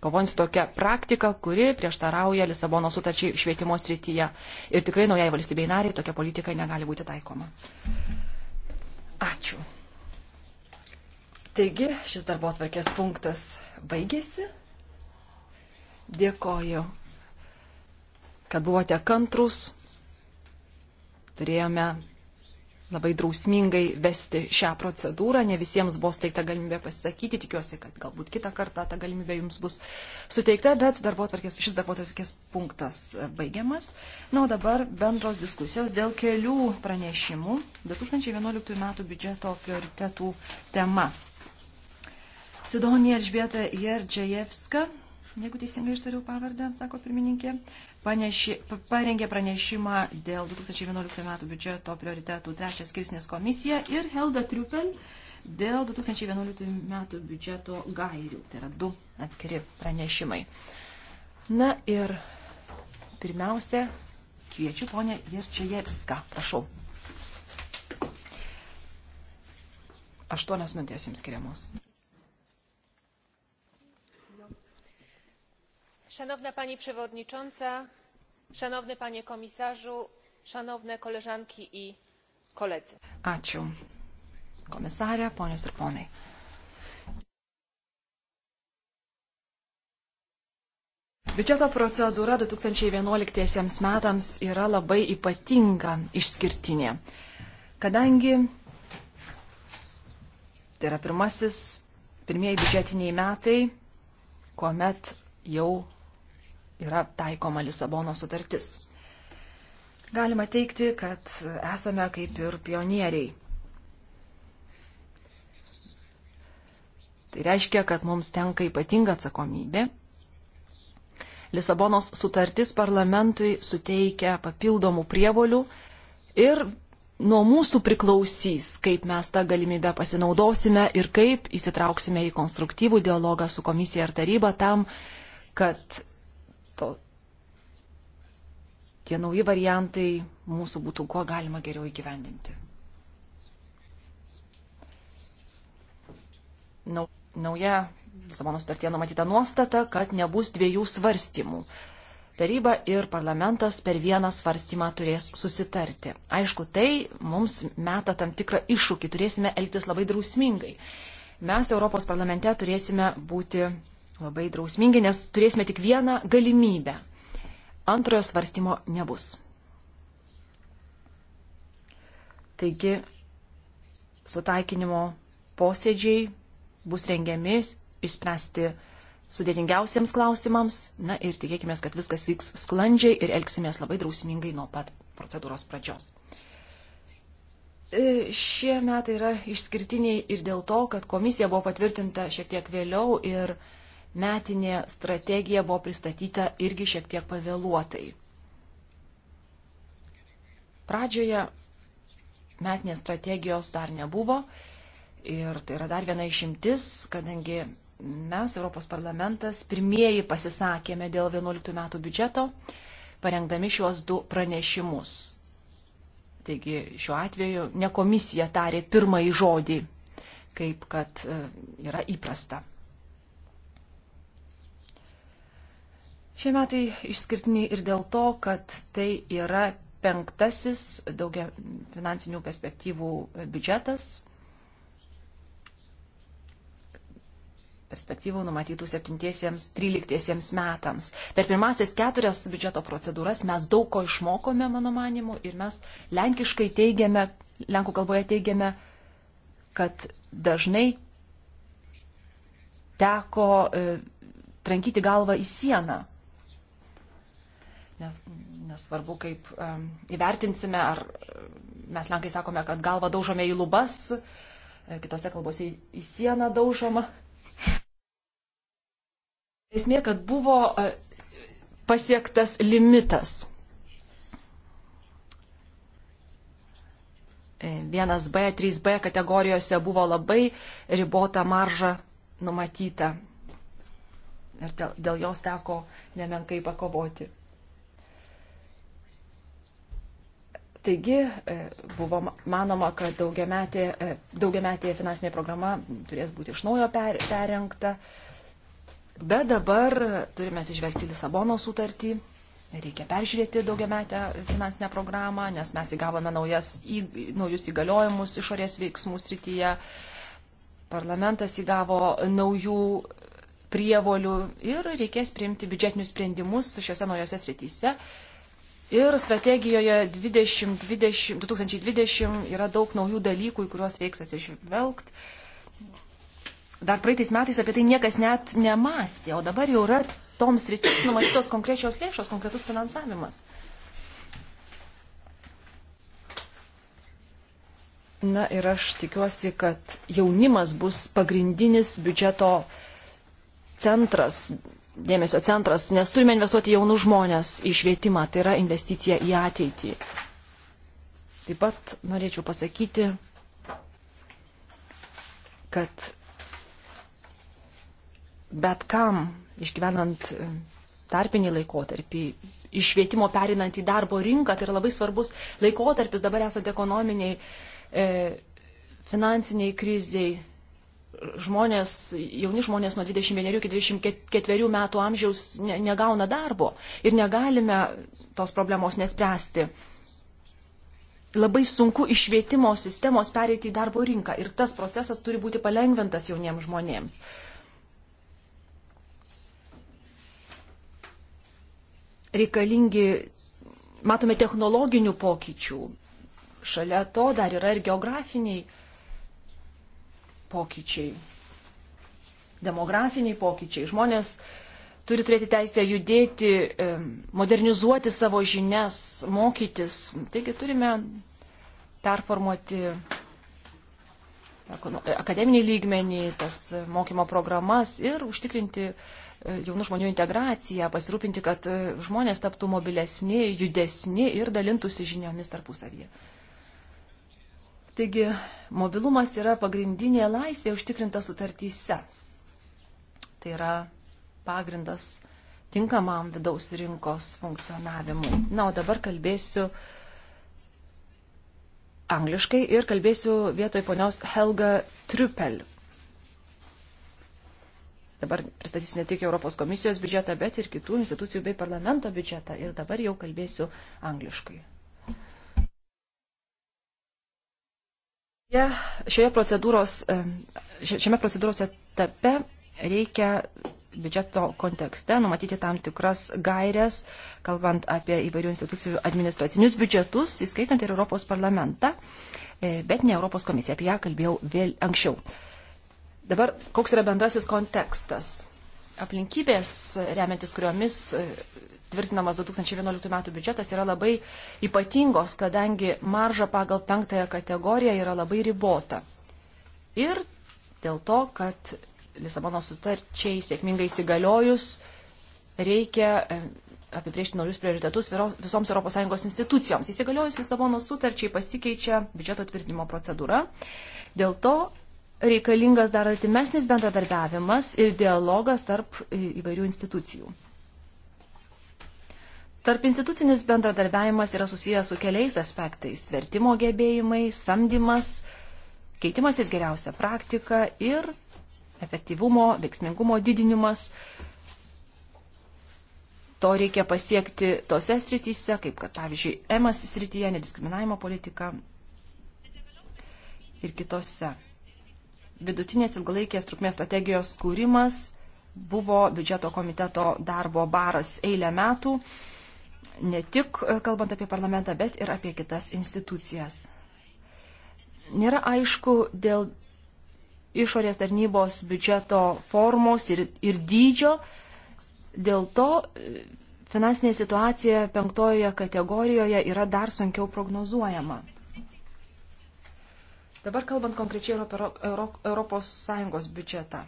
kovojant su tokia praktika, kuri prieštarauja Lisabono sutarčiai švietimo srityje. Ir tikrai naujai valstybei nariai tokia politika negali būti taikoma. Ačiū. Taigi, šis darbo atvarkės punktas baigėsi. Dėkoju, kad buvote kantrus. Turėjome labai drausmingai vesti šią procedūrą. Ne visiems buvo suteikta galimybė pasisakyti. Tikiuosi, kad galbūt kitą kartą ta galimybė jums bus suteikta, bet darbo atvarkės, šis darbo atvarkės punktas baigiamas. Na, o dabar bendros diskusijos dėl kelių pranešimų 2011 m. biudžeto prioritetų tema. Sidonija Elžbieta Jerdžejevska, jeigu teisingai ištariau pavardę, sako pirmininkė, paneši, parengė pranešimą dėl 2011 metų biudžeto prioritetų trečias skirsnės komisija ir Helga Triupel dėl 2011 metų biudžeto gairių. Tai yra du atskiri pranešimai. Na ir pirmiausia, kviečiu ponę Jerčiajevską. Prašau. Aštuonios minties jums skiriamos. Szanowna Pani Przewodnicząca, Šanovni panie komisarzu, šanovne koležanki į koledzi. Ačiū. Komisarė, ponios ir ponai. Biudžeto procedūra 2011 metams yra labai ypatinga, išskirtinė, kadangi tai yra pirmasis, pirmieji biudžetiniai metai, kuomet jau yra taikoma Lisabono sutartis. Galima teikti, kad esame kaip ir pionieriai. Tai reiškia, kad mums tenka ypatinga atsakomybė. Lisabonos sutartis parlamentui suteikia papildomų prievolių ir nuo mūsų priklausys, kaip mes tą galimybę pasinaudosime ir kaip įsitrauksime į konstruktyvų dialogą su komisija ar taryba tam, kad to, tie nauji variantai mūsų būtų kuo galima geriau įgyvendinti. Nau, nauja Lisabono sutartie numatyta nuostata, kad nebus dviejų svarstymų. Taryba ir parlamentas per vieną svarstymą turės susitarti. Aišku, tai mums meta tam tikrą iššūkį, turėsime elgtis labai drausmingai. Mes Europos parlamente turėsime būti labai drausmingi, nes turėsime tik vieną galimybę. Antrojo svarstymo nebus. Taigi, sutaikinimo posėdžiai bus rengiami išspręsti sudėtingiausiams klausimams. Na ir tikėkime, kad viskas vyks sklandžiai ir elgsimės labai drausmingai nuo pat procedūros pradžios. E, šie metai yra išskirtiniai ir dėl to, kad komisija buvo patvirtinta šiek tiek vėliau ir uh, metinė strategija buvo pristatyta irgi šiek tiek pavėluotai. Pradžioje metinės strategijos dar nebuvo ir tai yra dar viena išimtis, kadangi mes, Europos parlamentas, pirmieji pasisakėme dėl 11 metų biudžeto, parengdami šiuos du pranešimus. Taigi šiuo atveju ne komisija tarė pirmąjį žodį, kaip kad e, yra įprasta. Šie metai išskirtiniai ir dėl to, kad tai yra penktasis daugia finansinių perspektyvų biudžetas, perspektyvų numatytų 7-13 metams. Per pirmasis keturias biudžeto procedūras mes daug ko išmokome, mano manimu, ir mes lenkiškai teigiame, lenkų kalboje teigiame, kad dažnai teko e, trankyti galvą į sieną, nes, nesvarbu, kaip um, įvertinsime, ar mes lenkai sakome, kad galvą daužome į lubas, e, kitose kalbose į, į sieną daužoma. Esmė, kad buvo e, pasiektas limitas. E, vienas B, 3B kategorijose buvo labai ribota marža numatyta. Ir dėl jos teko nemenkai pakovoti. Taigi e, buvo manoma, kad daugiametė, e, daugiametė finansinė programa turės būti iš naujo per, perrinkta, bet dabar turime atsižvelgti Lisabono sutartį, reikia peržiūrėti daugiametę finansinę programą, nes mes įgavome naujas, į, naujus įgaliojimus išorės veiksmų srityje, parlamentas įgavo naujų prievolių ir reikės priimti biudžetinius sprendimus šiuose naujose srityse. Ir strategijoje 2020, 2020 yra daug naujų dalykų, į kuriuos reiks atsižvelgti. Dar praeitais metais apie tai niekas net nemastė, o dabar jau yra toms rytis numatytos konkrečios lėšos, konkretus finansavimas. Na ir aš tikiuosi, kad jaunimas bus pagrindinis biudžeto centras, dėmesio centras, nes turime investuoti jaunų žmonės į švietimą, tai yra investicija į ateitį. Taip pat norėčiau pasakyti, kad bet kam išgyvenant tarpinį laikotarpį, iš švietimo perinant į darbo rinką, tai yra labai svarbus laikotarpis dabar esant ekonominiai, e, finansiniai kriziai, žmonės, jauni žmonės nuo 21 iki 24 metų amžiaus negauna darbo ir negalime tos problemos nespręsti. Labai sunku iš švietimo sistemos pereiti į darbo rinką ir tas procesas turi būti palengventas jauniems žmonėms. Reikalingi, matome, technologinių pokyčių. Šalia to dar yra ir geografiniai pokyčiai, demografiniai pokyčiai. Žmonės turi turėti teisę judėti, e, modernizuoti savo žinias, mokytis. Taigi turime performuoti akademinį lygmenį, tas mokymo programas ir užtikrinti e, jaunų žmonių integraciją, pasirūpinti, kad e, žmonės taptų mobilesni, judesni ir dalintųsi žiniomis tarpusavyje. Taigi, mobilumas yra pagrindinė laisvė užtikrinta sutartyse. Tai yra pagrindas tinkamam vidaus rinkos funkcionavimui. Na, o dabar kalbėsiu angliškai ir kalbėsiu vietoj ponios Helga Triupel. Dabar pristatysiu ne tik Europos komisijos biudžetą, bet ir kitų institucijų bei parlamento biudžetą. Ir dabar jau kalbėsiu angliškai. Šioje procedūros, e, šiame procedūros etape reikia biudžeto kontekste numatyti tam tikras gairias, kalbant apie įvairių institucijų administracinius biudžetus, įskaitant ir Europos parlamentą, e, bet ne Europos komisiją. Apie ją kalbėjau vėl anksčiau. Dabar koks yra bendrasis kontekstas? Aplinkybės, remiantis kuriomis e, tvirtinamas 2011 metų biudžetas yra labai ypatingos, kadangi marža pagal penktąją kategoriją yra labai ribota. Ir dėl to, kad Lisabono sutarčiai sėkmingai įsigaliojus reikia e, apibriežti naujus prioritetus visoms ES institucijoms. Įsigaliojus Lisabono sutarčiai pasikeičia biudžeto tvirtinimo procedūra. Dėl to reikalingas dar artimesnis bendradarbiavimas ir dialogas tarp e, įvairių institucijų. Tarp institucinis bendradarbiavimas yra susijęs su keliais aspektais - vertimo gebėjimai, samdymas, keitimasis geriausia praktika ir efektyvumo, veiksmingumo didinimas. To reikia pasiekti tose srityse, kaip kad, pavyzdžiui, EMAS srityje, nediskriminavimo politika ir kitose. Vidutinės ilgalaikės trukmės strategijos kūrimas buvo biudžeto komiteto darbo baras eilę metų ne tik e, kalbant apie parlamentą, bet ir apie kitas institucijas. Nėra aišku dėl išorės tarnybos biudžeto formos ir, ir dydžio, dėl to e, finansinė situacija penktojoje kategorijoje yra dar sunkiau prognozuojama. Dabar kalbant konkrečiai Europos Sąjungos biudžetą,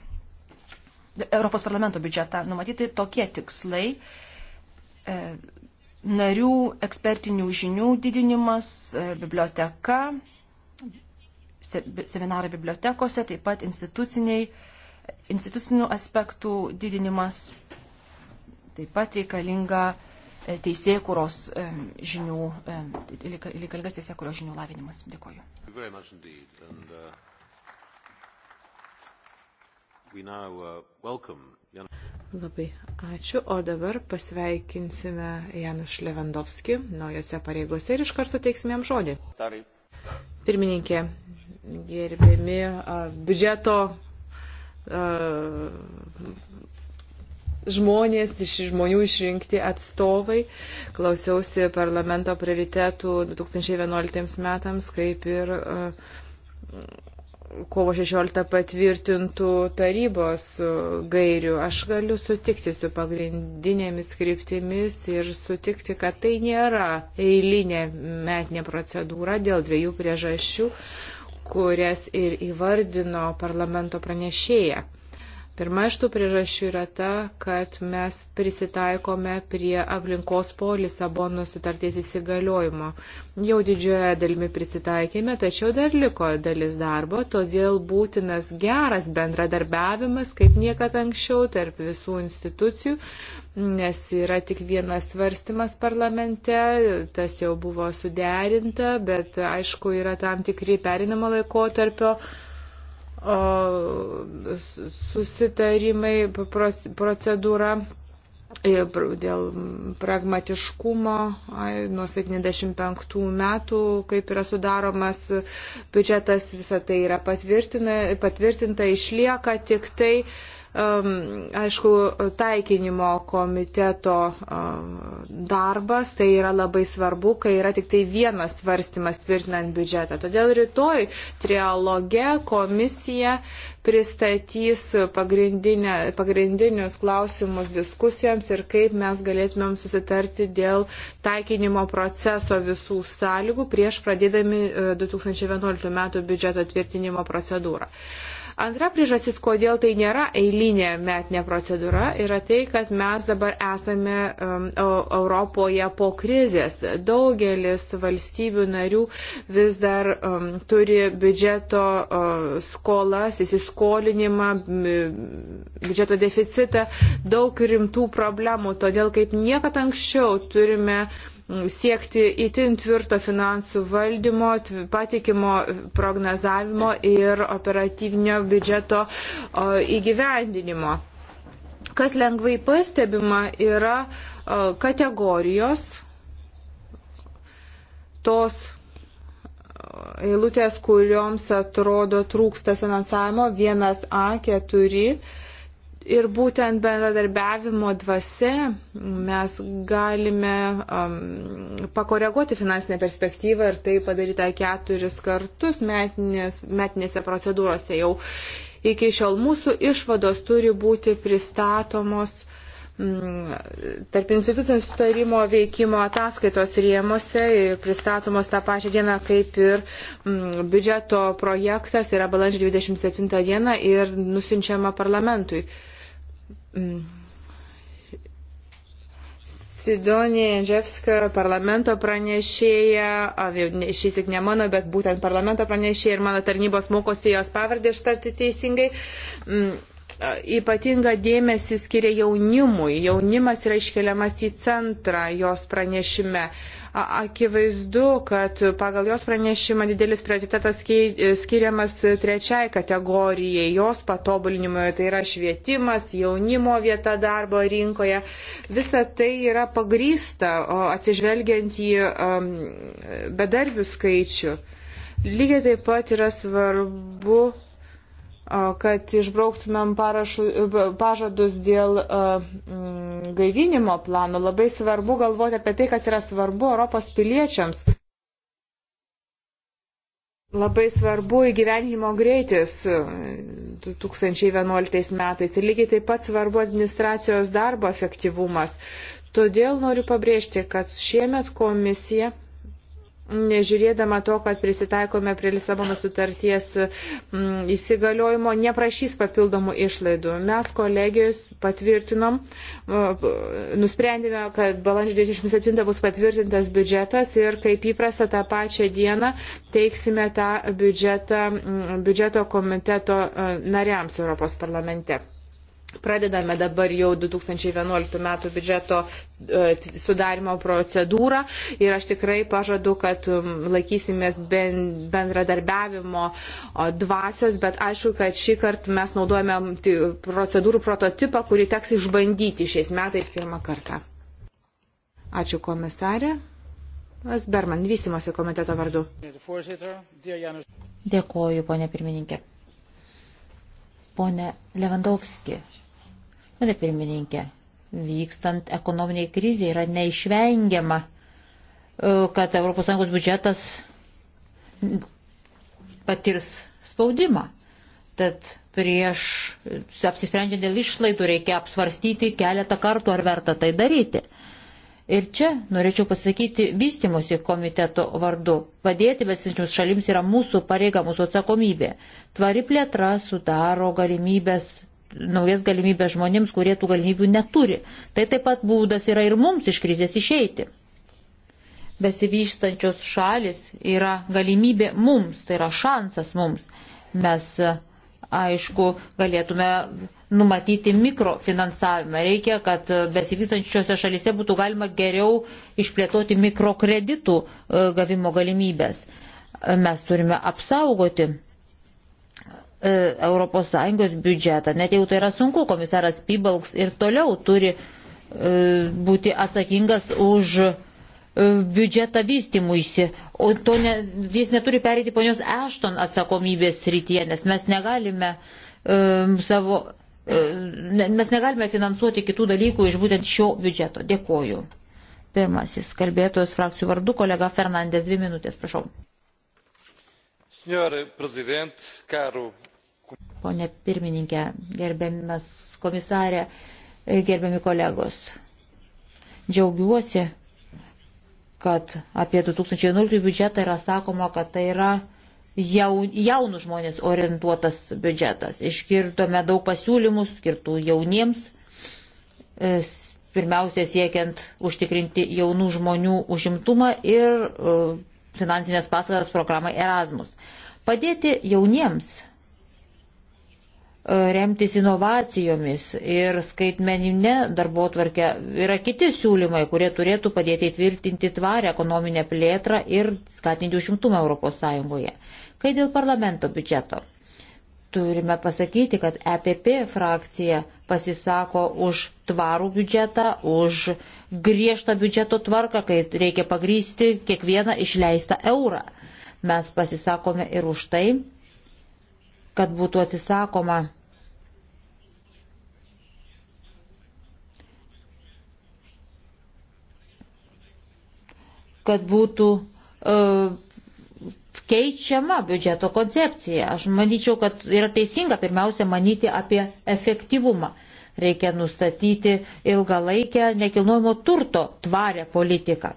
Europos parlamento biudžetą, numatyti tokie tikslai e, narių ekspertinių žinių didinimas, e, biblioteka, seminarai bibliotekose, taip pat institucinių aspektų didinimas, taip pat reikalinga e, teisėkuros e, žinių, reikalingas teisėkuros žinių lavinimas. Dėkoju. Uh, Labai ačiū, o dabar pasveikinsime Janus Levandovskį naujose pareigose ir iškart suteiksime jam žodį. Pirmininkė, gerbiami biudžeto žmonės, iš žmonių išrinkti atstovai. Klausiausi parlamento prioritetų 2011 metams, kaip ir kovo 16 patvirtintų tarybos e, gairių. Aš galiu sutikti su pagrindinėmis kryptimis ir sutikti, kad tai nėra eilinė metinė procedūra dėl dviejų priežasčių, kurias ir įvardino parlamento pranešėja. Pirma iš tų priežasčių yra ta, kad mes prisitaikome prie aplinkos po Lisabono sutarties įsigaliojimo. Jau didžioje dalimi prisitaikėme, tačiau dar liko dalis darbo, todėl būtinas geras bendradarbiavimas, kaip niekada anksčiau, tarp visų institucijų, nes yra tik vienas svarstymas parlamente, tas jau buvo suderinta, bet aišku yra tam tikri perinamo laikotarpio tarpio susitarimai, procedūra e, dėl pragmatiškumo nuo 75 metų, kaip yra sudaromas biudžetas, visa tai yra patvirtinta, išlieka tik tai uh, aišku, taikinimo komiteto darbas, tai yra labai svarbu, kai yra tik tai vienas svarstymas tvirtinant biudžetą. Todėl rytoj trialoge komisija pristatys pagrindinius klausimus diskusijoms ir kaip mes galėtumėm susitarti dėl taikinimo proceso visų sąlygų prieš pradėdami 2011 e, m. biudžeto tvirtinimo procedūrą. Uh, Antra priežastis, kodėl tai nėra eilinė metinė procedūra, yra tai, kad mes dabar esame um, Europoje po krizės. Daugelis valstybių narių vis dar um, turi biudžeto um, skolas, įsiskolinimą, biudžeto deficitą, daug rimtų problemų. Todėl kaip niekada anksčiau turime um, siekti itin tvirto finansų valdymo, patikimo prognozavimo ir operatyvinio biudžeto įgyvendinimo. Kas lengvai pastebima yra kategorijos tos eilutės, kurioms atrodo trūksta finansavimo 1A4 Ir būtent bendradarbiavimo dvasia mes galime um, pakoreguoti finansinę perspektyvą ir tai padaryta keturis kartus metinės, metinėse procedūrose jau. Iki šiol mūsų išvados turi būti pristatomos mm, tarp institucijų sutarimo veikimo ataskaitos rėmose ir pristatomos tą pačią dieną, kaip ir m, mm, biudžeto projektas yra balandžio 27 dieną ir nusinčiama parlamentui. Uh, Mm. Sidonė Janževska, parlamento pranešėja, šis tik ne mano, bet būtent parlamento pranešėja ir mano tarnybos mokosi jos pavardę ištarti teisingai. Mm. E, ypatinga dėmesį skiria jaunimui. Jaunimas yra iškeliamas į centrą jos pranešime. Akivaizdu, kad pagal jos pranešimą didelis prioritetas e, skiriamas trečiai kategorijai, jos patobulinimui, tai yra švietimas, jaunimo vieta darbo rinkoje. Visa tai yra pagrysta atsižvelgiant į bedarbių skaičių. Lygiai taip pat yra svarbu kad išbrauktumėm parašų, e, pažadus dėl mm, gaivinimo plano. Labai svarbu galvoti apie tai, kas yra svarbu Europos piliečiams. Labai svarbu įgyvenimo greitis 2011 e, metais ir lygiai taip pat svarbu administracijos darbo efektyvumas. Todėl noriu pabrėžti, kad šiemet komisija nežiūrėdama to, kad prisitaikome prie Lisabono sutarties mm, įsigaliojimo, neprašys papildomų išlaidų. Mes kolegijos patvirtinom, nusprendėme, kad balandžio 27 bus patvirtintas biudžetas ir kaip įprasta tą pačią dieną teiksime tą biudžetą mm, biudžeto komiteto e, nariams Europos parlamente. Pradedame dabar jau 2011 metų biudžeto e, sudarimo procedūrą ir aš tikrai pažadu, kad laikysimės bendradarbiavimo dvasios, bet aišku, kad šį kartą mes naudojame procedūrų prototipą, kurį teks išbandyti šiais metais pirmą kartą. Ačiū komisarė. Asberman, vystimosi komiteto vardu. Dėkoju, ponė pirmininkė. Pone Levandovski, Pane pirmininkė, vykstant ekonominiai kriziai yra neišvengiama, e, kad ES biudžetas patirs spaudimą. Tad prieš apsisprendžiant dėl išlaidų reikia apsvarstyti keletą kartų, ar verta tai daryti. Ir čia norėčiau pasakyti vystimosi komiteto vardu. Padėti besinčiams šalims yra mūsų pareiga, mūsų atsakomybė. Tvari plėtra sudaro galimybės naujas galimybės žmonėms, kurie tų galimybių neturi. Tai taip pat būdas yra ir mums iš krizės išeiti. Besivyštančios šalis yra galimybė mums, tai yra šansas mums. Mes, aišku, galėtume numatyti mikrofinansavimą. Reikia, kad besivystančiose šalise būtų galima geriau išplėtoti mikrokreditų e, gavimo galimybės. Mes turime apsaugoti ES biudžetą. Net jau tai yra sunku, komisaras Pybalks ir toliau turi e, būti atsakingas už e, biudžetą vystimuisi, o to ne, jis neturi perėti ponios Ešton atsakomybės srityje, nes mes negalime um, savo, um, mes negalime finansuoti kitų dalykų iš būtent šio biudžeto. Dėkoju. Pirmasis kalbėtojas frakcijų vardu kolega Fernandės, dvi minutės, prašau. Senhor Presidente, caro ponė pirmininkė, gerbiamas komisarė, e, gerbiami kolegos. Džiaugiuosi, kad apie 2011 biudžetą yra sakoma, kad tai yra jaunų žmonės orientuotas biudžetas. Išgirdome daug pasiūlymų skirtų jauniems, e, pirmiausia siekiant užtikrinti jaunų žmonių užimtumą ir e, finansinės paskatas programai Erasmus. Padėti jauniems E, remtis inovacijomis ir skaitmeninė darbo tvarkė. Yra kiti siūlymai, kurie turėtų padėti įtvirtinti tvarę ekonominę plėtrą ir skatinti užimtumą ES. Kai dėl parlamento biudžeto. Turime pasakyti, kad EPP frakcija pasisako už tvarų biudžetą, už griežtą biudžeto tvarką, kai reikia pagrysti kiekvieną išleistą eurą. Mes pasisakome ir už tai, kad būtų atsisakoma kad būtų uh, keičiama biudžeto koncepcija. Aš manyčiau, kad yra teisinga pirmiausia manyti apie efektyvumą. Reikia nustatyti ilgalaikę nekilnojimo turto tvarę politiką.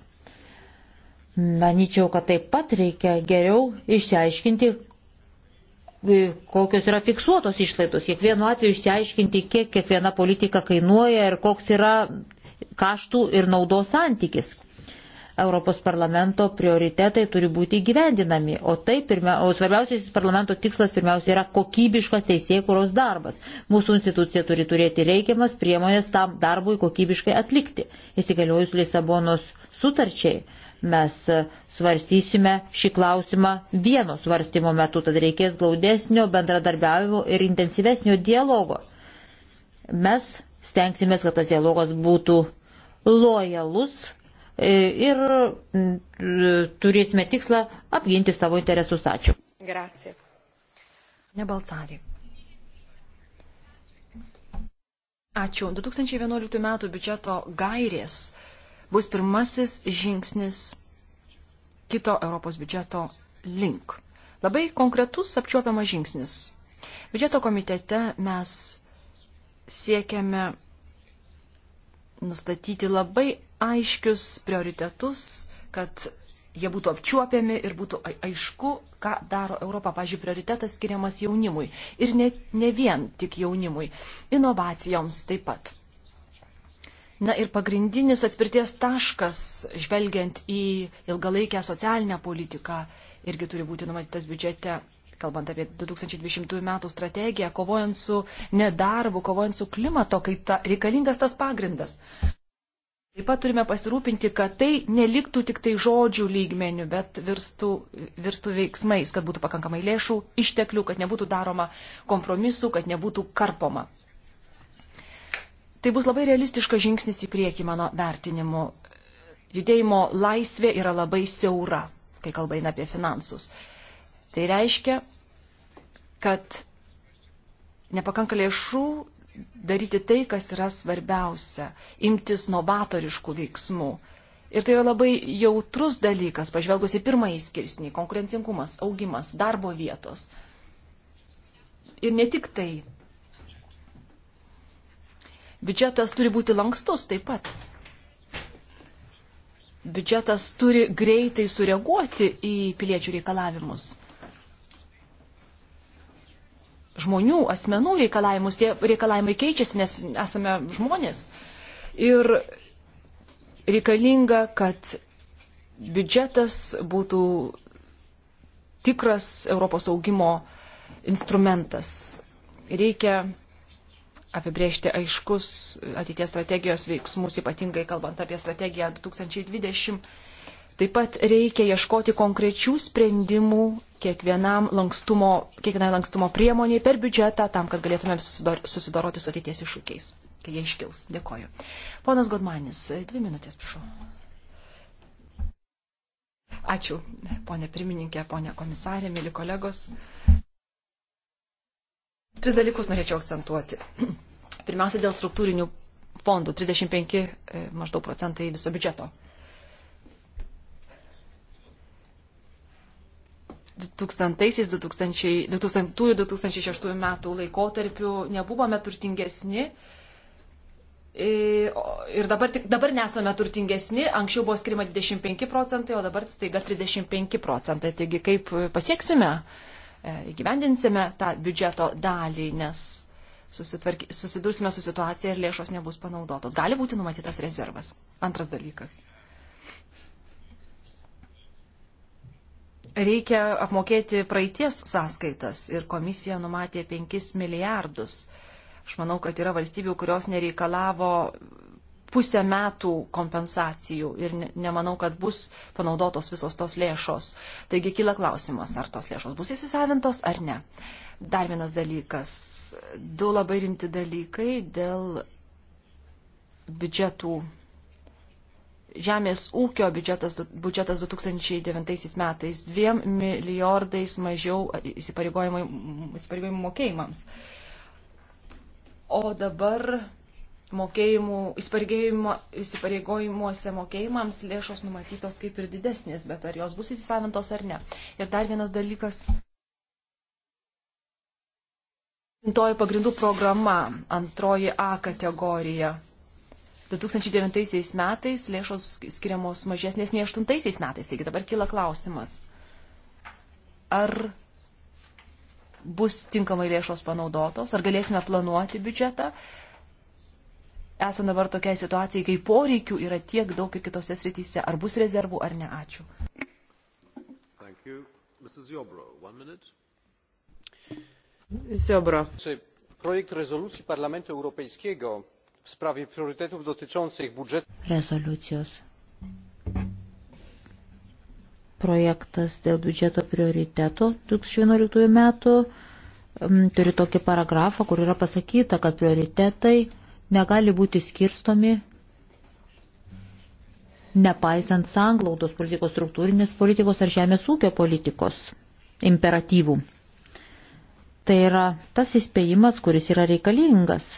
Manyčiau, kad taip pat reikia geriau išsiaiškinti, E, kokios yra fiksuotos išlaidos, kiekvienu atveju išsiaiškinti, kiek kiekviena politika kainuoja ir koks yra kaštų ir naudos santykis. Europos parlamento prioritetai turi būti gyvendinami, o, tai pirmia, o svarbiausias parlamento tikslas pirmiausia yra kokybiškas teisėkuros darbas. Mūsų institucija turi turėti reikiamas priemonės tam darbui kokybiškai atlikti. Įsigaliojus Lisabonos sutarčiai Mes svarstysime šį klausimą vieno svarstymo metu, tad reikės glaudesnio bendradarbiavimo ir intensyvesnio dialogo. Mes stengsime, kad tas dialogas būtų lojalus e, ir turėsime tikslą apginti savo interesus. Ačiū. Grazie. Nebaltarį. Ačiū. 2011 m. biudžeto gairės bus pirmasis žingsnis kito Europos biudžeto link. Labai konkretus apčiuopiamas žingsnis. Biudžeto komitete mes siekiame nustatyti labai aiškius prioritetus, kad jie būtų apčiuopiami ir būtų aišku, ką daro Europa. Pavyzdžiui, prioritetas skiriamas jaunimui. Ir ne, ne vien tik jaunimui. Inovacijoms taip pat. Na ir pagrindinis atspirties taškas, žvelgiant į ilgalaikę socialinę politiką, irgi turi būti numatytas biudžete, kalbant apie 2020 metų strategiją, kovojant su nedarbu, kovojant su klimato kaita, reikalingas tas pagrindas. Taip pat turime pasirūpinti, kad tai neliktų tik tai žodžių lygmenių, bet virstų, virstų veiksmais, kad būtų pakankamai lėšų, išteklių, kad nebūtų daroma kompromisų, kad nebūtų karpoma Tai bus labai realistiškas žingsnis į priekį mano vertinimu. Judėjimo laisvė yra labai siaura, kai kalba eina apie finansus. Tai reiškia, kad nepakanka lėšų daryti tai, kas yra svarbiausia - imtis novatoriškų veiksmų. Ir tai yra labai jautrus dalykas, pažvelgus į pirmąjį skirsnį - konkurencingumas, augimas, darbo vietos. Ir ne tik tai Biudžetas turi būti lankstus taip pat. Biudžetas turi greitai sureaguoti į piliečių reikalavimus. Žmonių, asmenų reikalavimus, tie reikalavimai keičiasi, nes esame žmonės. Ir reikalinga, kad biudžetas būtų tikras Europos augimo instrumentas. Reikia apibriežti aiškus ateities strategijos veiksmus, ypatingai kalbant apie strategiją 2020. Taip pat reikia ieškoti konkrečių sprendimų kiekvienam lankstumo, kiekvienai lankstumo priemoniai per biudžetą, tam, kad galėtumėm susidoroti su ateities iššūkiais, kai jie iškils. Dėkoju. Ponas Godmanis, dvi minutės, prašau. Ačiū, ponė pirmininkė, ponė komisarė, mėly kolegos. Tris dalykus norėčiau akcentuoti. Pirmiausia, dėl struktūrinių fondų. 35 e, maždaug procentai viso biudžeto. 2000-2006 metų laikotarpiu nebuvome turtingesni e, ir dabar, tik, dabar nesame turtingesni, anksčiau buvo skirima 25 procentai, o dabar staiga 35 procentai. Taigi kaip e, pasieksime uh, E, įgyvendinsime tą biudžeto dalį, nes susidursime su situacija ir lėšos nebus panaudotos. Gali būti numatytas rezervas. Antras dalykas. Reikia apmokėti praeities sąskaitas ir komisija numatė 5 milijardus. Aš manau, kad yra valstybių, kurios nereikalavo pusę metų kompensacijų ir ne, nemanau, kad bus panaudotos visos tos lėšos. Taigi kyla klausimas, ar tos lėšos bus įsisavintos ar ne. Dar vienas dalykas. Du labai rimti dalykai dėl biudžetų. Žemės ūkio biudžetas, biudžetas 2009 metais 2 milijardais mažiau įsipareigojimų mokėjimams. O dabar mokėjimų, įsipareigojimuose mokėjimams lėšos numatytos kaip ir didesnės, bet ar jos bus įsisavintos ar ne. Ir dar vienas dalykas. Antoji pagrindų programa, antroji A kategorija. 2009 metais lėšos skiriamos mažesnės nei 2008 metais, taigi dabar kyla klausimas. Ar bus tinkamai lėšos panaudotos, ar galėsime planuoti biudžetą, esame dabar tokiai situacijai, kai poreikių yra tiek daug ir kitose srityse. Ar bus rezervų ar ne? Ačiū. Ziobro. Projekt rezolucji Parlamentu Europejskiego w sprawie priorytetów dotyczących budżetu. Rezolucijos. Projektas dėl biudžeto prioritetų 2011 metų mm, turi tokį paragrafą, kur yra pasakyta, kad prioritetai negali būti skirstomi, nepaisant sanglaudos politikos, struktūrinės politikos ar žemės ūkio politikos imperatyvų. Tai yra tas įspėjimas, kuris yra reikalingas,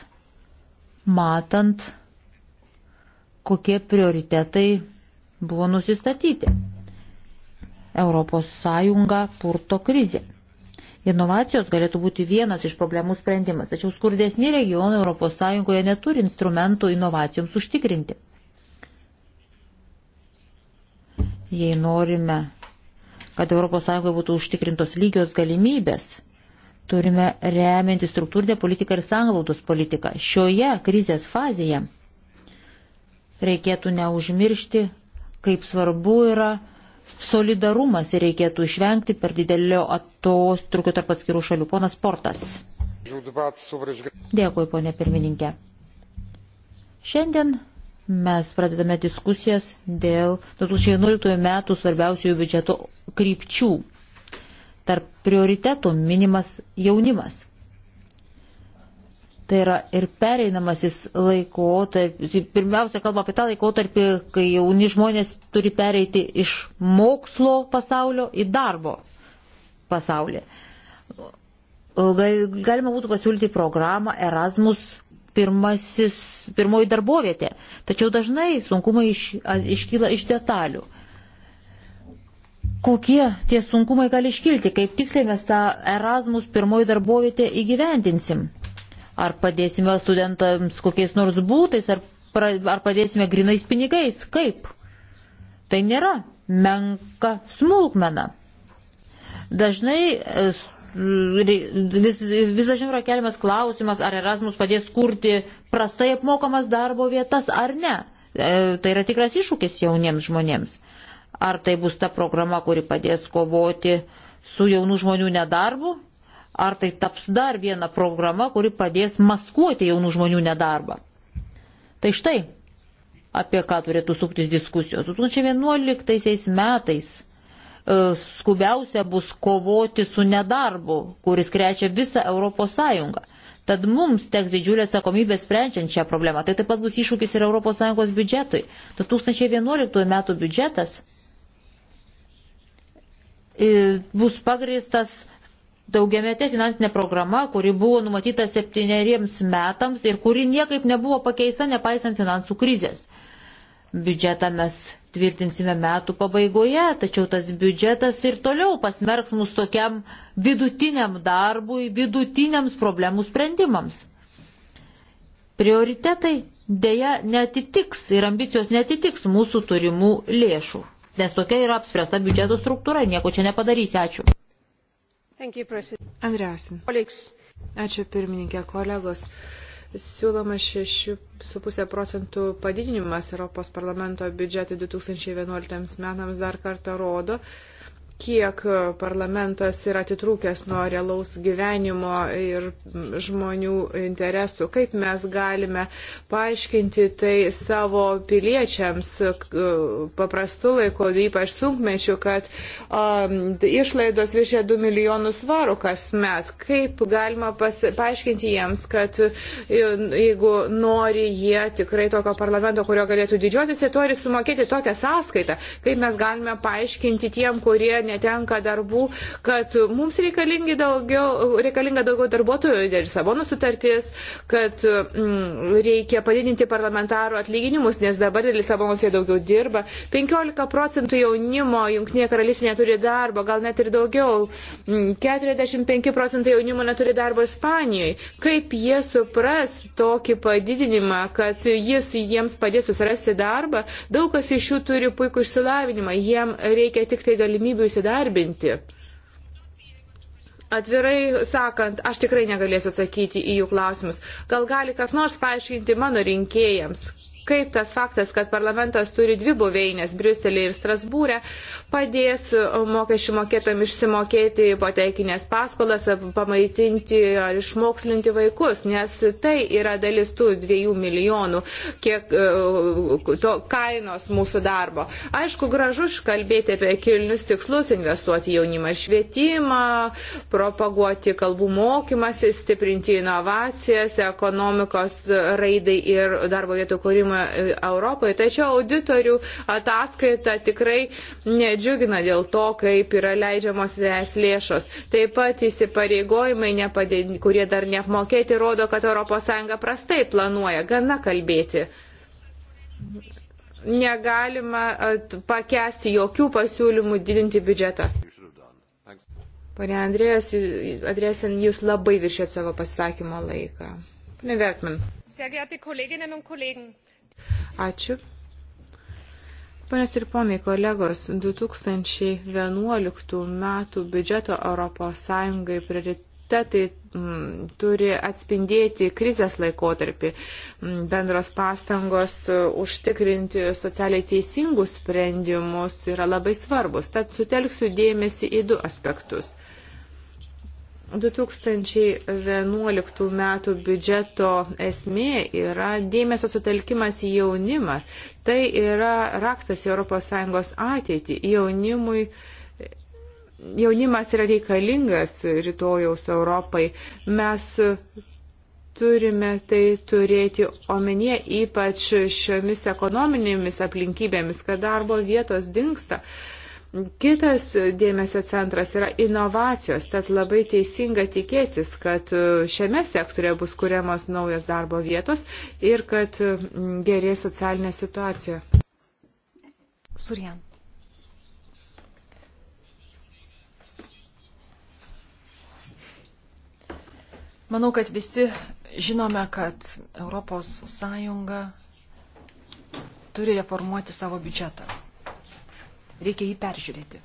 matant, kokie prioritetai buvo nusistatyti. Europos Sąjunga purto krizė. Inovacijos galėtų būti vienas iš problemų sprendimas, tačiau skurdesni regionai ES neturi instrumentų inovacijoms užtikrinti. Jei norime, kad ES būtų užtikrintos lygios galimybės, turime remianti struktūrinę politiką ir sanglaudos politiką. Šioje krizės fazėje reikėtų neužmiršti, kaip svarbu yra solidarumas ir reikėtų išvengti per didelio atotrukio tarp atskirų šalių. Ponas Portas. Dėkui, ponė pirmininkė. Šiandien mes pradedame diskusijas dėl 2011 metų svarbiausių biudžeto krypčių. Tarp prioritetų minimas jaunimas. Tai yra ir pereinamasis laikotarpis. Pirmiausia, kalba apie tą laikotarpį, kai jauni žmonės turi pereiti iš mokslo pasaulio į darbo pasaulį. Galima būtų pasiūlyti programą Erasmus pirmasis, pirmoji darbovietė. Tačiau dažnai sunkumai iš, iškyla iš detalių. Kokie tie sunkumai gali iškilti, kaip tiksliai mes tą Erasmus pirmoji darbovietė įgyvendinsim? Ar padėsime studentams kokiais nors būtais, ar, pra, ar padėsime grinais pinigais? Kaip? Tai nėra menka smulkmena. Dažnai e, vis, vis dažniau yra keliamas klausimas, ar Erasmus padės kurti prastai apmokamas darbo vietas ar ne. E, tai yra tikras iššūkis jauniems žmonėms. Ar tai bus ta programa, kuri padės kovoti su jaunų žmonių nedarbu, Ar tai taps dar viena programa, kuri padės maskuoti jaunų žmonių nedarbą? Tai štai, apie ką turėtų suktis diskusijos. 2011 metais e, skubiausia bus kovoti su nedarbu, kuris krečia visą Europos Sąjungą. Tad mums teks didžiulė atsakomybė sprendžiant šią problemą. Tai taip pat bus iššūkis ir ES biudžetui. 2011 metų biudžetas e, bus pagristas daugiametė finansinė programa, kuri buvo numatyta septyneriems metams ir kuri niekaip nebuvo pakeista nepaisant finansų krizės. Biudžetą mes tvirtinsime metų pabaigoje, tačiau tas biudžetas ir toliau pasmerks mus tokiam vidutiniam darbui, vidutiniams problemų sprendimams. Prioritetai dėja netitiks ir ambicijos netitiks mūsų turimų lėšų, nes tokia yra apspręsta biudžeto struktūra, nieko čia nepadarysi, ačiū. Andreasin. Ačiū pirmininkė, kolegos siūlomas 6,5 procentų padidinimas Europos parlamento biudžetui 2011 metams dar kartą rodo, kiek parlamentas yra atitrūkęs nuo realaus gyvenimo ir žmonių interesų, kaip mes galime paaiškinti tai savo piliečiams paprastu laiku, ypač sunkmečiu, kad um, išlaidos viršė 2 milijonus svarų kasmet. Kaip galima pas, paaiškinti jiems, kad jeigu nori jie tikrai tokio parlamento, kurio galėtų didžiuotis, jie turi sumokėti tokią sąskaitą. Kaip mes galime paaiškinti tiem, kurie netenka darbų, kad mums daugiau, reikalinga daugiau darbuotojų ir savonų sutartis, kad mm, reikia padidinti parlamentarų atlyginimus, nes dabar ir Lisabonos jie daugiau dirba. 15 procentų jaunimo Junktinėje karalystėje neturi darbo, gal net ir daugiau. 45 mm, procentai jaunimo neturi darbo Ispanijoje. Kaip jie supras tokį padidinimą, kad jis jiems padės susirasti darbą? Daug kas iš jų turi puikų išsilavinimą, jiem reikia tik tai galimybių įsidarbinti. Atvirai sakant, aš tikrai negalėsiu atsakyti į jų klausimus. Gal gali kas nors paaiškinti mano rinkėjams, kaip tas faktas, kad parlamentas turi dvi buveinės Briuselį ir Strasbūrę, padės mokesčių mokėtam išsimokėti ipoteikinės paskolas, pamaitinti ar išmokslinti vaikus, nes tai yra dalis tų dviejų milijonų kiek, e, to, kainos mūsų darbo. Aišku, gražu kalbėti apie kilnius tikslus, investuoti jaunimą švietimą, propaguoti kalbų mokymasi, stiprinti inovacijas, ekonomikos raidai ir darbo vietų kūrimą gyvenimą e, Europoje. Tačiau auditorių ataskaita tikrai nedžiugina dėl to, kaip yra leidžiamos es lėšos. Taip pat įsipareigojimai, kurie dar neapmokėti, rodo, kad ES prastai planuoja. Gana kalbėti negalima e, pakęsti jokių pasiūlymų didinti biudžetą. Pane Andrėjas, Andrėjasen, jūs labai viršėt savo pasisakymo laiką. Pane Vertman. Ačiū. Panas ir ponai kolegos, 2011 metų biudžeto ES prioritetai m, mm, turi atspindėti krizės laikotarpį, mm, bendros pastangos mm, užtikrinti socialiai teisingus sprendimus yra labai svarbus. Tad sutelksiu dėmesį į du aspektus. 2011 metų biudžeto esmė yra dėmesio sutelkimas į jaunimą. Tai yra raktas ES ateitį. Jaunimui, jaunimas yra reikalingas rytojaus Europai. Mes turime tai turėti omenyje, ypač šiomis ekonominėmis aplinkybėmis, kad darbo vietos dinksta. Uh, Kitas dėmesio centras yra inovacijos, tad labai teisinga tikėtis, kad e, šiame sektorėje bus kuriamos naujos darbo vietos ir kad gerės socialinė situacija. Surjan. Manau, kad visi žinome, kad ES turi reformuoti savo biudžetą. Reikia jį peržiūrėti.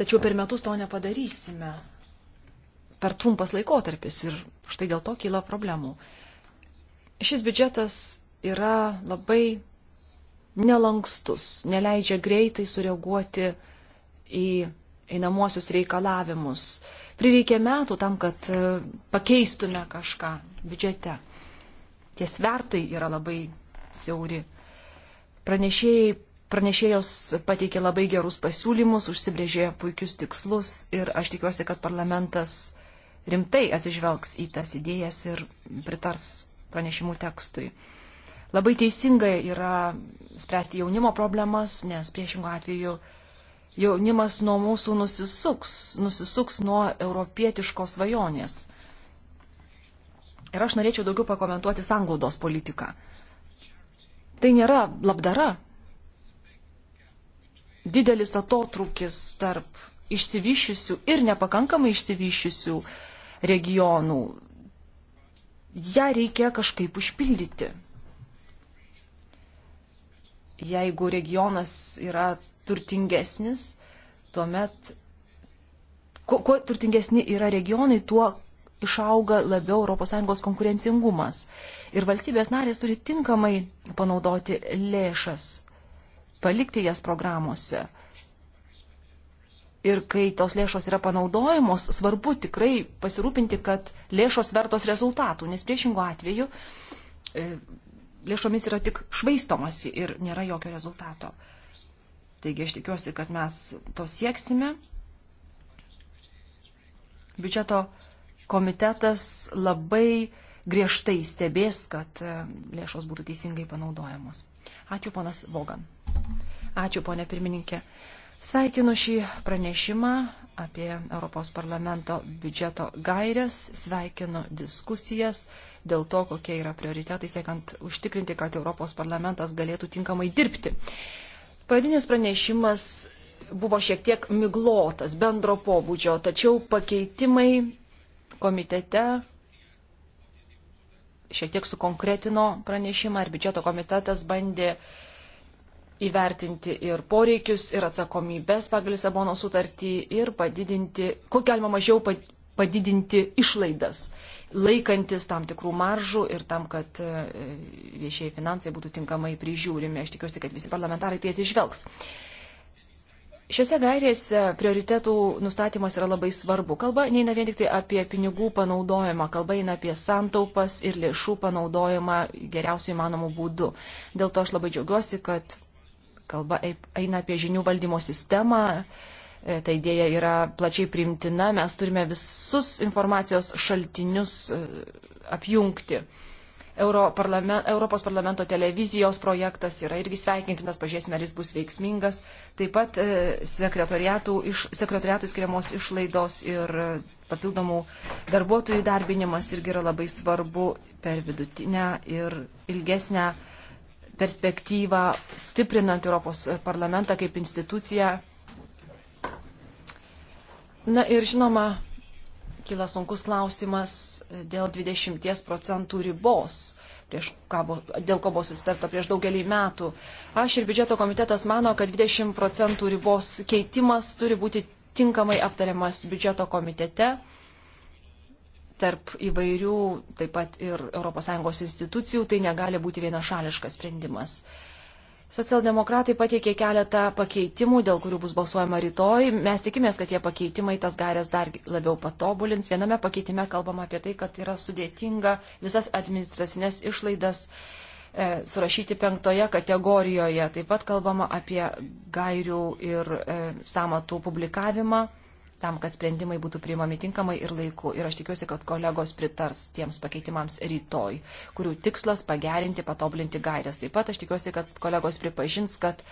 Tačiau per metus to nepadarysime. Per trumpas laikotarpis ir štai dėl to kyla problemų. Šis biudžetas yra labai nelankstus, neleidžia greitai sureaguoti į einamuosius reikalavimus. Prireikė metų tam, kad e, pakeistume kažką biudžete. Tie svertai yra labai siauri. Pranešėjai, pranešėjos pateikė labai gerus pasiūlymus, užsibrėžė puikius tikslus ir aš tikiuosi, kad parlamentas rimtai atsižvelgs į tas idėjas ir pritars pranešimų tekstui. Labai teisinga yra spręsti jaunimo problemas, nes priešingų atveju jaunimas nuo mūsų nusisuks, nusisuks nuo europietiškos svajonės. Ir aš norėčiau daugiau pakomentuoti sanglaudos politiką tai nėra labdara. Didelis atotrukis tarp išsivyščiusių ir nepakankamai išsivyščiusių regionų. Ja reikia kažkaip užpildyti. Jeigu regionas yra turtingesnis, tuomet kuo, kuo turtingesni yra regionai, tuo išauga labiau ES konkurencingumas. Ir valstybės narės turi tinkamai panaudoti lėšas, palikti jas programuose. Ir kai tos lėšos yra panaudojamos, svarbu tikrai pasirūpinti, kad lėšos vertos rezultatų, nes priešingų atveju e, lėšomis yra tik švaistomasi ir nėra jokio rezultato. Taigi aš tikiuosi, kad mes to sieksime. Biudžeto komitetas labai uh, griežtai stebės, kad e, lėšos būtų teisingai panaudojamos. Ačiū, ponas Vogan. Ačiū, ponė pirmininkė. Sveikinu šį pranešimą apie Europos parlamento biudžeto gairias, sveikinu diskusijas dėl to, kokie yra prioritetai, siekiant užtikrinti, kad Europos parlamentas galėtų tinkamai dirbti. Pradinis pranešimas buvo šiek tiek miglotas, bendro pobūdžio, tačiau pakeitimai komitete šiek tiek sukonkretino pranešimą ir biudžeto komitetas bandė įvertinti ir poreikius, ir atsakomybės pagal Lisabono sutartį ir padidinti, kuo galima mažiau padidinti išlaidas, laikantis tam tikrų maržų ir tam, kad e, viešieji finansai būtų tinkamai prižiūrimi. Aš tikiuosi, kad visi parlamentarai tai atsižvelgs. Šiuose gairėse prioritetų nustatymas yra labai svarbu. Kalba neina vien tik tai apie pinigų panaudojimą, kalba eina apie santaupas ir lėšų panaudojimą geriausių įmanomų būdų. Dėl to aš labai džiaugiuosi, kad kalba eina apie žinių valdymo sistemą. E, ta idėja yra plačiai primtina, mes turime visus informacijos šaltinius e, apjungti. Euro parlament, Europos parlamento televizijos projektas yra irgi sveikintinas, pažiūrėsime, ar jis bus veiksmingas. Taip pat e, sekretoriatų, iš, sekretoriatų skiriamos išlaidos ir e, papildomų darbuotojų darbinimas irgi yra labai svarbu per vidutinę ir ilgesnę perspektyvą, stiprinant Europos parlamentą kaip instituciją. Na ir žinoma, kyla sunkus klausimas dėl 20 procentų ribos, prieš, kabo, dėl ko buvo susitarta prieš daugelį metų. Aš ir biudžeto komitetas mano, kad 20 procentų ribos keitimas turi būti tinkamai aptariamas biudžeto komitete tarp įvairių, taip pat ir ES institucijų, tai negali būti vienašališkas sprendimas. Uh, Socialdemokratai pateikė keletą pakeitimų, dėl kurių bus balsuojama rytoj. Mes tikimės, kad tie pakeitimai tas gairias dar labiau patobulins. Viename pakeitime kalbama apie tai, kad yra sudėtinga visas administracinės išlaidas e, surašyti penktoje kategorijoje. Taip pat kalbama apie gairių ir e, samatų publikavimą tam, kad sprendimai būtų priimami tinkamai ir laiku. Ir aš tikiuosi, kad kolegos pritars tiems pakeitimams rytoj, kurių tikslas pagerinti, patobulinti gairias. Taip pat aš tikiuosi, kad kolegos pripažins, kad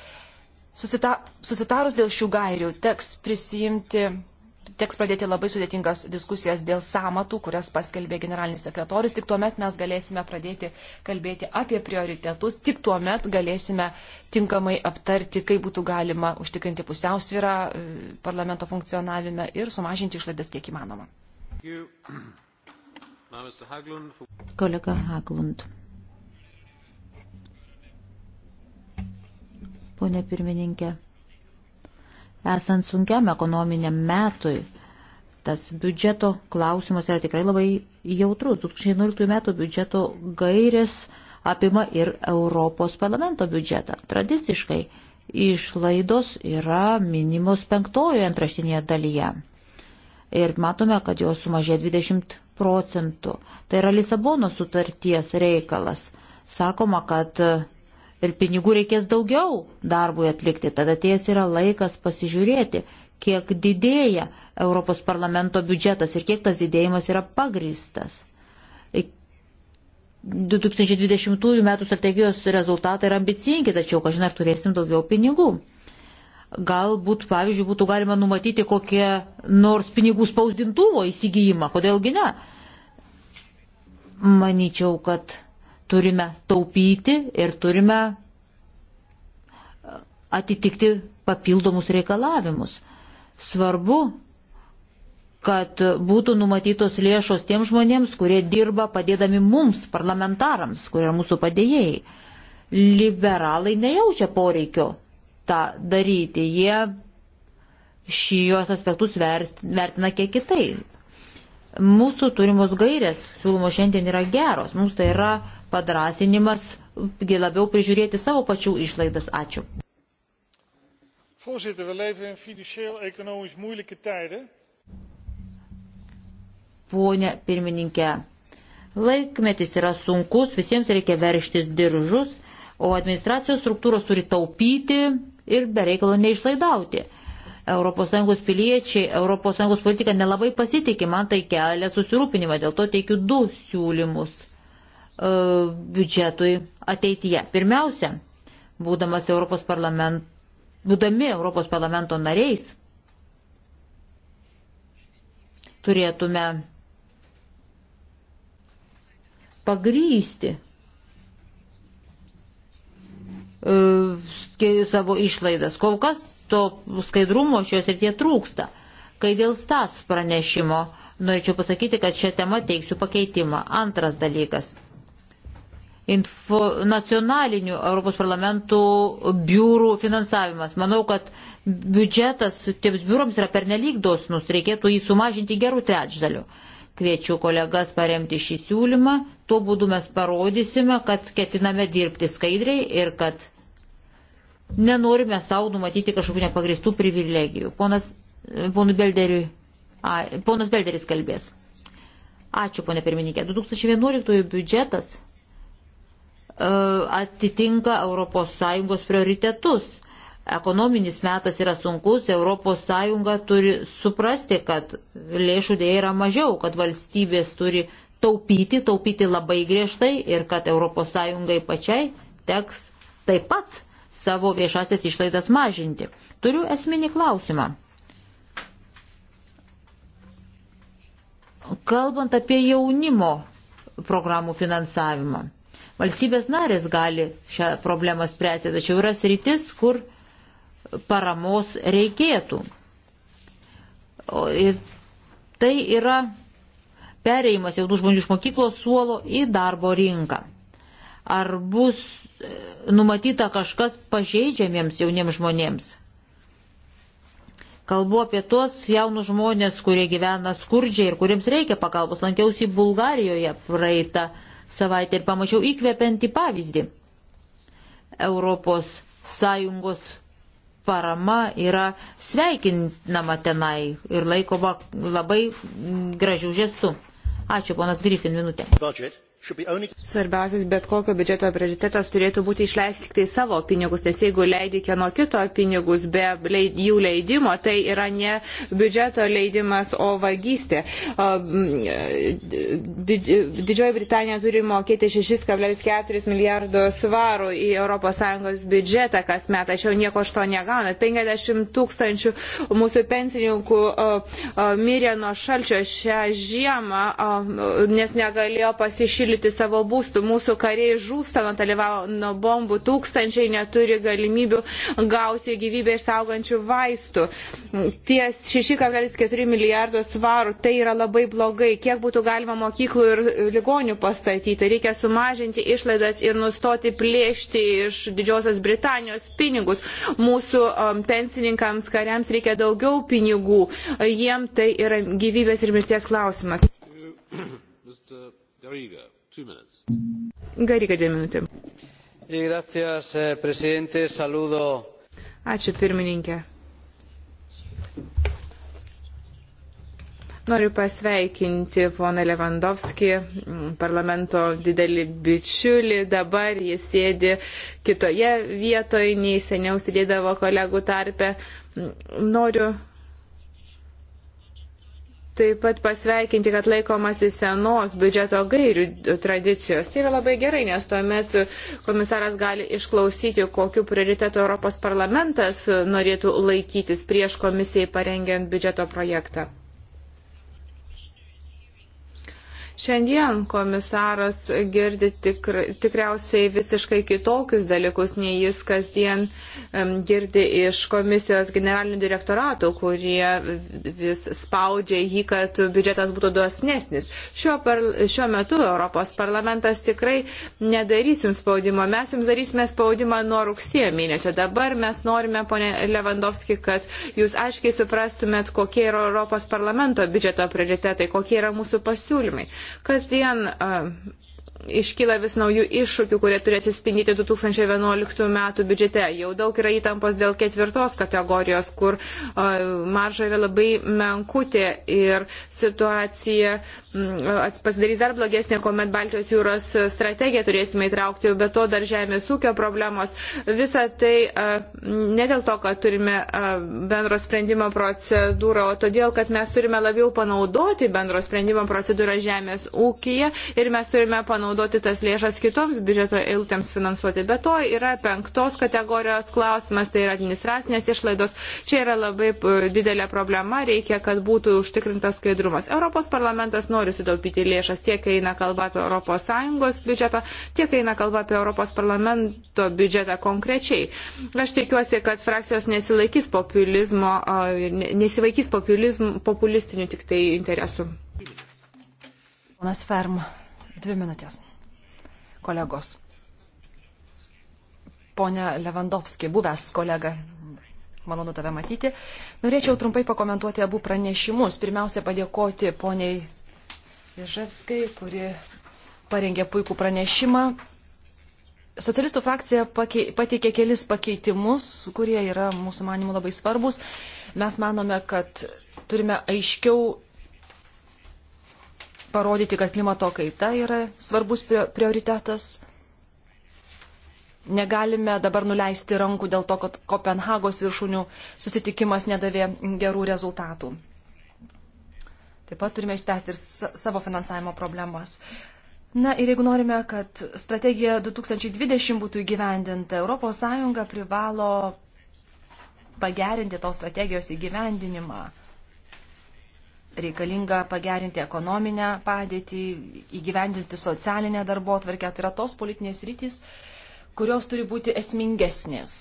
susita, susitarus dėl šių gairių teks prisijimti teks pradėti labai sudėtingas diskusijas dėl samatų, kurias paskelbė generalinis sekretorius. Tik tuomet mes galėsime pradėti kalbėti apie prioritetus, tik tuomet galėsime tinkamai aptarti, kaip būtų galima užtikrinti pusiausvyrą e, parlamento funkcionavime ir sumažinti išlaidas kiek įmanoma. Kolega Haglund. Pone pirmininkė. Esant sunkiam ekonominiam metui, tas biudžeto klausimas yra tikrai labai jautrus. 2011 metų biudžeto gairės apima ir Europos parlamento biudžetą. Tradiciškai išlaidos yra minimos penktojo antraštinėje dalyje. Ir matome, kad jos sumažė 20 procentų. Tai yra Lisabono sutarties reikalas. Sakoma, kad ir pinigų reikės daugiau darbui atlikti. Tada ties yra laikas pasižiūrėti, kiek didėja Europos parlamento biudžetas ir kiek tas didėjimas yra pagristas. 2020 m. strategijos rezultatai yra ambicingi, tačiau, kažin ar turėsim daugiau pinigų. Galbūt, pavyzdžiui, būtų galima numatyti kokią nors pinigų spausdintuvo įsigijimą, kodėlgi ne. Manyčiau, kad Turime taupyti ir turime e, atitikti papildomus reikalavimus. Svarbu, kad būtų numatytos lėšos tiem žmonėms, kurie dirba padėdami mums, parlamentarams, kurie yra mūsų padėjėjai. Liberalai nejaučia poreikio tą daryti. Jie šios aspektus vertina kiek kitai. Mūsų turimos gairės siūlomos šiandien yra geros. Mums tai yra padrasinimas labiau prižiūrėti savo pačių išlaidas. Ačiū. Voorzitter, we leven in financieel-economisch moeilijke tijden. Pone pirmininkė, laikmetis yra sunkus, visiems reikia verštis diržus, o administracijos struktūros turi taupyti ir bereikalo neišlaidauti. ES piliečiai, ES politika nelabai pasitikė, man tai kelia susirūpinimą, dėl to teikiu du siūlymus E, biudžetui ateityje. Pirmiausia, būdamas Europos parlament, būdami Europos parlamento nariais, turėtume pagrysti e, savo išlaidas. Kol kas to skaidrumo šios ir tie trūksta. Kai dėl stas pranešimo, norėčiau pasakyti, kad šią temą teiksiu pakeitimą. Antras dalykas info, nacionalinių Europos parlamentų biurų finansavimas. Manau, kad biudžetas tiems biurams yra pernelyg dosnus, reikėtų jį sumažinti gerų trečdalių. Kviečiu kolegas paremti šį siūlymą, tuo būdu mes parodysime, kad ketiname dirbti skaidriai ir kad nenorime savo numatyti kažkokių nepagristų privilegijų. Ponas, ponu Belderiui, a, ponas Belderis kalbės. Ačiū, ponė pirmininkė. 2011 biudžetas E, atitinka ES prioritetus. Ekonominis metas yra sunkus, ES turi suprasti, kad lėšų dėja yra mažiau, kad valstybės turi taupyti, taupyti labai griežtai ir kad ES pačiai teks taip pat savo viešasias išlaidas mažinti. Turiu esminį klausimą. Kalbant apie jaunimo programų finansavimą. Valstybės narės gali šią problemą spręsti, tačiau yra sritis, kur paramos reikėtų. O, ir tai yra pereimas jaunų žmonių iš mokyklos suolo į darbo rinką. Ar bus e, numatyta kažkas pažeidžiamiems jauniems žmonėms? Kalbu apie tuos jaunus žmonės, kurie gyvena skurdžiai ir kuriems reikia pagalbos. Lankiausi Bulgarijoje praeitą uh, savaitę ir pamačiau įkvepiantį pavyzdį. Europos Sąjungos parama yra sveikinama tenai ir laikoma labai gražių žestų. Ačiū, ponas Grifin, minutė. Budget. Svarbiausias bet kokio biudžeto prioritetas turėtų būti išleisti tik tai savo pinigus, nes jeigu leidi kieno kito pinigus be leid, jų leidimo, tai yra ne biudžeto leidimas, o vagystė. Um, Didžioji Britanija turi mokėti 6,4 milijardo svarų į ES biudžetą kasmet, tačiau nieko iš to negauna. 50 tūkstančių mūsų pensininkų uh, uh, mirė nuo šalčio šią žiemą, uh, nes negalėjo pasišilti šildyti savo būstų. Mūsų kariai žūsta nuo talivano bombų, tūkstančiai neturi galimybių gauti gyvybę išsaugančių vaistų. Ties 6,4 milijardo svarų tai yra labai blogai. Kiek būtų galima mokyklų ir ligonių pastatyti? Reikia sumažinti išlaidas ir nustoti plėšti iš Didžiosios Britanijos pinigus. Mūsų um, pensininkams, kariams reikia daugiau pinigų. Jiem tai yra gyvybės ir mirties klausimas. Mr. Garriga. Gariga dvi minutėm. Eh, Ačiū pirmininkė. Noriu pasveikinti poną Levandovskį, mm, parlamento didelį bičiulį. Dabar jis sėdi kitoje vietoje, nei seniau sėdėdavo kolegų tarpe. Mm, noriu taip pat pasveikinti, kad laikomasi senos biudžeto gairių tradicijos. Tai yra labai gerai, nes tuomet komisaras gali išklausyti, kokiu prioritetu Europos parlamentas norėtų laikytis prieš komisijai parengiant biudžeto projektą. Šiandien komisaras girdi tikr, tikriausiai visiškai kitokius dalykus, nei jis kasdien um, girdi iš komisijos generalinių direktoratų, kurie vis spaudžia jį, kad biudžetas būtų dosnesnis. Šiuo, par, šiuo metu Europos parlamentas tikrai nedarys jums spaudimo. Mes jums darysime spaudimą nuo rugsėjo mėnesio. Dabar mes norime, ponė Levandovski, kad jūs aiškiai suprastumėt, kokie yra Europos parlamento biudžeto prioritetai, kokie yra mūsų pasiūlymai kasdien iškyla vis naujų iššūkių, kurie turi atsispindyti 2011 metų biudžete. Jau daug yra įtampos dėl ketvirtos kategorijos, kur marža yra labai menkutė ir situacija mm, pasidarys dar blogesnė, kuomet Baltijos jūros strategiją turėsime įtraukti, bet to dar žemės ūkio problemos. Visa tai ne dėl to, kad turime bendro sprendimo procedūrą, o todėl, kad mes turime labiau panaudoti bendro sprendimo procedūrą žemės ūkija ir mes turime panaudoti panaudoti tas lėšas kitoms biudžeto eilutėms finansuoti. Be to yra penktos kategorijos klausimas, tai yra administracinės išlaidos. Čia yra labai e, didelė problema, reikia, kad būtų užtikrintas skaidrumas. Europos parlamentas nori sutaupyti lėšas tiek, kai eina kalba apie ES biudžetą, tiek, kai eina kalba apie Europos parlamento biudžetą konkrečiai. Aš tikiuosi, kad frakcijos nesilaikys populizmo, nesivaikys populizm, populistinių tik tai interesų. Ponas Ferma. Dvi minutės. Kolegos. Pone Levandovski, buvęs kolega, malonu tave matyti. Norėčiau trumpai pakomentuoti abu pranešimus. Pirmiausia, padėkoti poniai Ježevskai, kuri parengė puikų pranešimą. Socialistų frakcija pakei, pateikė kelis pakeitimus, kurie yra mūsų manimų labai svarbus. Mes manome, kad turime aiškiau parodyti, kad klimato kaita yra svarbus prioritetas. Negalime dabar nuleisti rankų dėl to, kad Kopenhagos viršūnių susitikimas nedavė gerų rezultatų. Taip pat turime išspręsti ir savo finansavimo problemas. Na ir jeigu norime, kad strategija 2020 būtų įgyvendinta, ES privalo pagerinti tos strategijos įgyvendinimą reikalinga pagerinti ekonominę padėtį, įgyvendinti socialinę darbo atvarkę. Tai yra tos politinės rytis, kurios turi būti esmingesnės.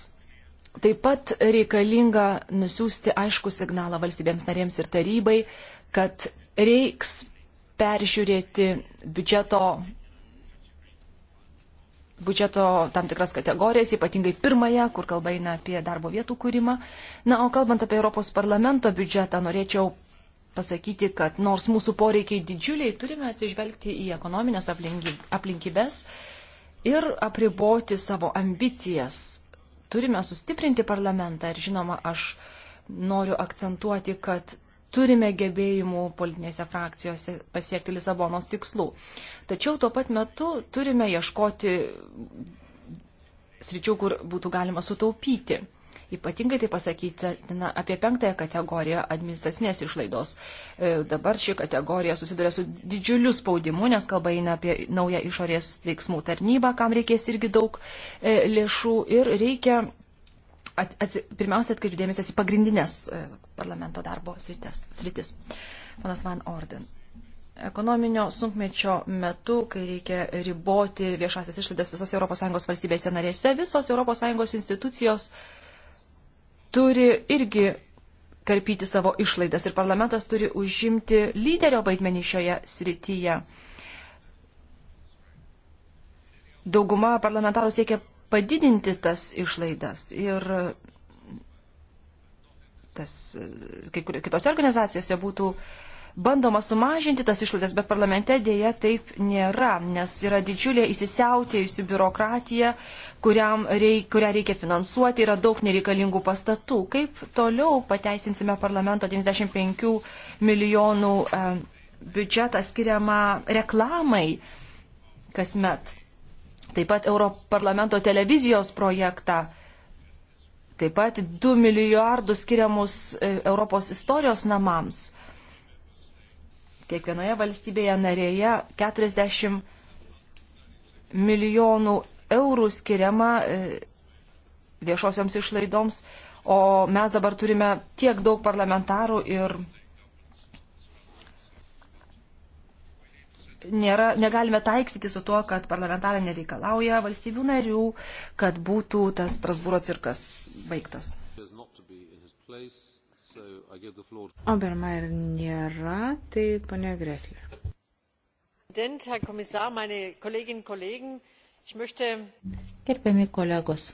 Taip pat reikalinga nusiųsti aišku signalą valstybėms narėms ir tarybai, kad reiks peržiūrėti biudžeto, biudžeto tam tikras kategorijas, ypatingai pirmąją, kur kalba eina apie darbo vietų kūrimą. Na, o kalbant apie Europos parlamento biudžetą, norėčiau pasakyti, kad nors mūsų poreikiai didžiuliai, turime atsižvelgti į ekonominės aplinkybės ir apriboti savo ambicijas. Turime sustiprinti parlamentą ir žinoma, aš noriu akcentuoti, kad turime gebėjimų politinėse frakcijose pasiekti Lisabonos tikslų. Tačiau tuo pat metu turime ieškoti sričių, kur būtų galima sutaupyti. Ypatingai tai pasakyti na, apie penktąją kategoriją administracinės išlaidos. E, dabar ši kategorija susiduria su didžiuliu spaudimu, nes kalba eina apie naują išorės veiksmų tarnybą, kam reikės irgi daug e, lėšų ir reikia at, at, pirmiausia atkreipti dėmesį į pagrindinės e, parlamento darbo sritis. sritis. Panas Van Orden ekonominio sunkmečio metu, kai reikia riboti viešasias išlaidas visose ES valstybėse narėse, visos ES institucijos turi irgi karpyti savo išlaidas ir parlamentas turi užimti lyderio vaidmenį šioje srityje. Dauguma parlamentarų siekia padidinti tas išlaidas ir tas, e, kai kur, kitose organizacijose būtų uh, bandoma sumažinti tas išlaidas, bet parlamente dėja taip nėra, nes yra didžiulė įsisiautėjusi būrokratija, reik, kurią reikia finansuoti, yra daug nereikalingų pastatų. Kaip toliau pateisinsime parlamento 95 milijonų e, biudžetą skiriamą reklamai kasmet? Taip pat Europarlamento televizijos projektą taip pat 2 milijardus skiriamus e, Europos istorijos namams. Kiekvienoje valstybėje narėje 40 milijonų eurų skiriama e, viešosioms išlaidoms, o mes dabar turime tiek daug parlamentarų ir nėra, negalime taikstyti su tuo, kad parlamentarai nereikalauja valstybių narių, kad būtų tas Strasbūro cirkas baigtas. Obermeier nėra, tai ponia Greslė. Gerbiami kolegos,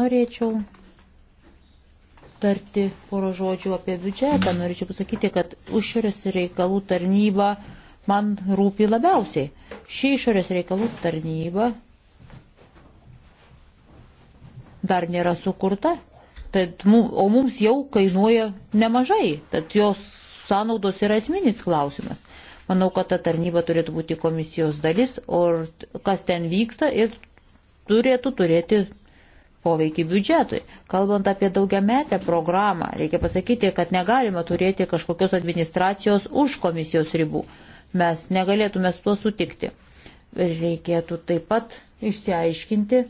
norėčiau tarti poro žodžių apie biudžetą. Norėčiau pasakyti, kad užsienio reikalų tarnyba man rūpi labiausiai. Ši išorės reikalų tarnyba dar nėra sukurta, tad, o mums jau kainuoja nemažai, tad jos sąnaudos yra esminis klausimas. Manau, kad ta tarnyba turėtų būti komisijos dalis, o kas ten vyksta ir turėtų turėti poveikį biudžetui. Kalbant apie daugiametę programą, reikia pasakyti, kad negalima turėti kažkokios administracijos už komisijos ribų. Mes negalėtume su tuo sutikti. Reikėtų taip pat išsiaiškinti,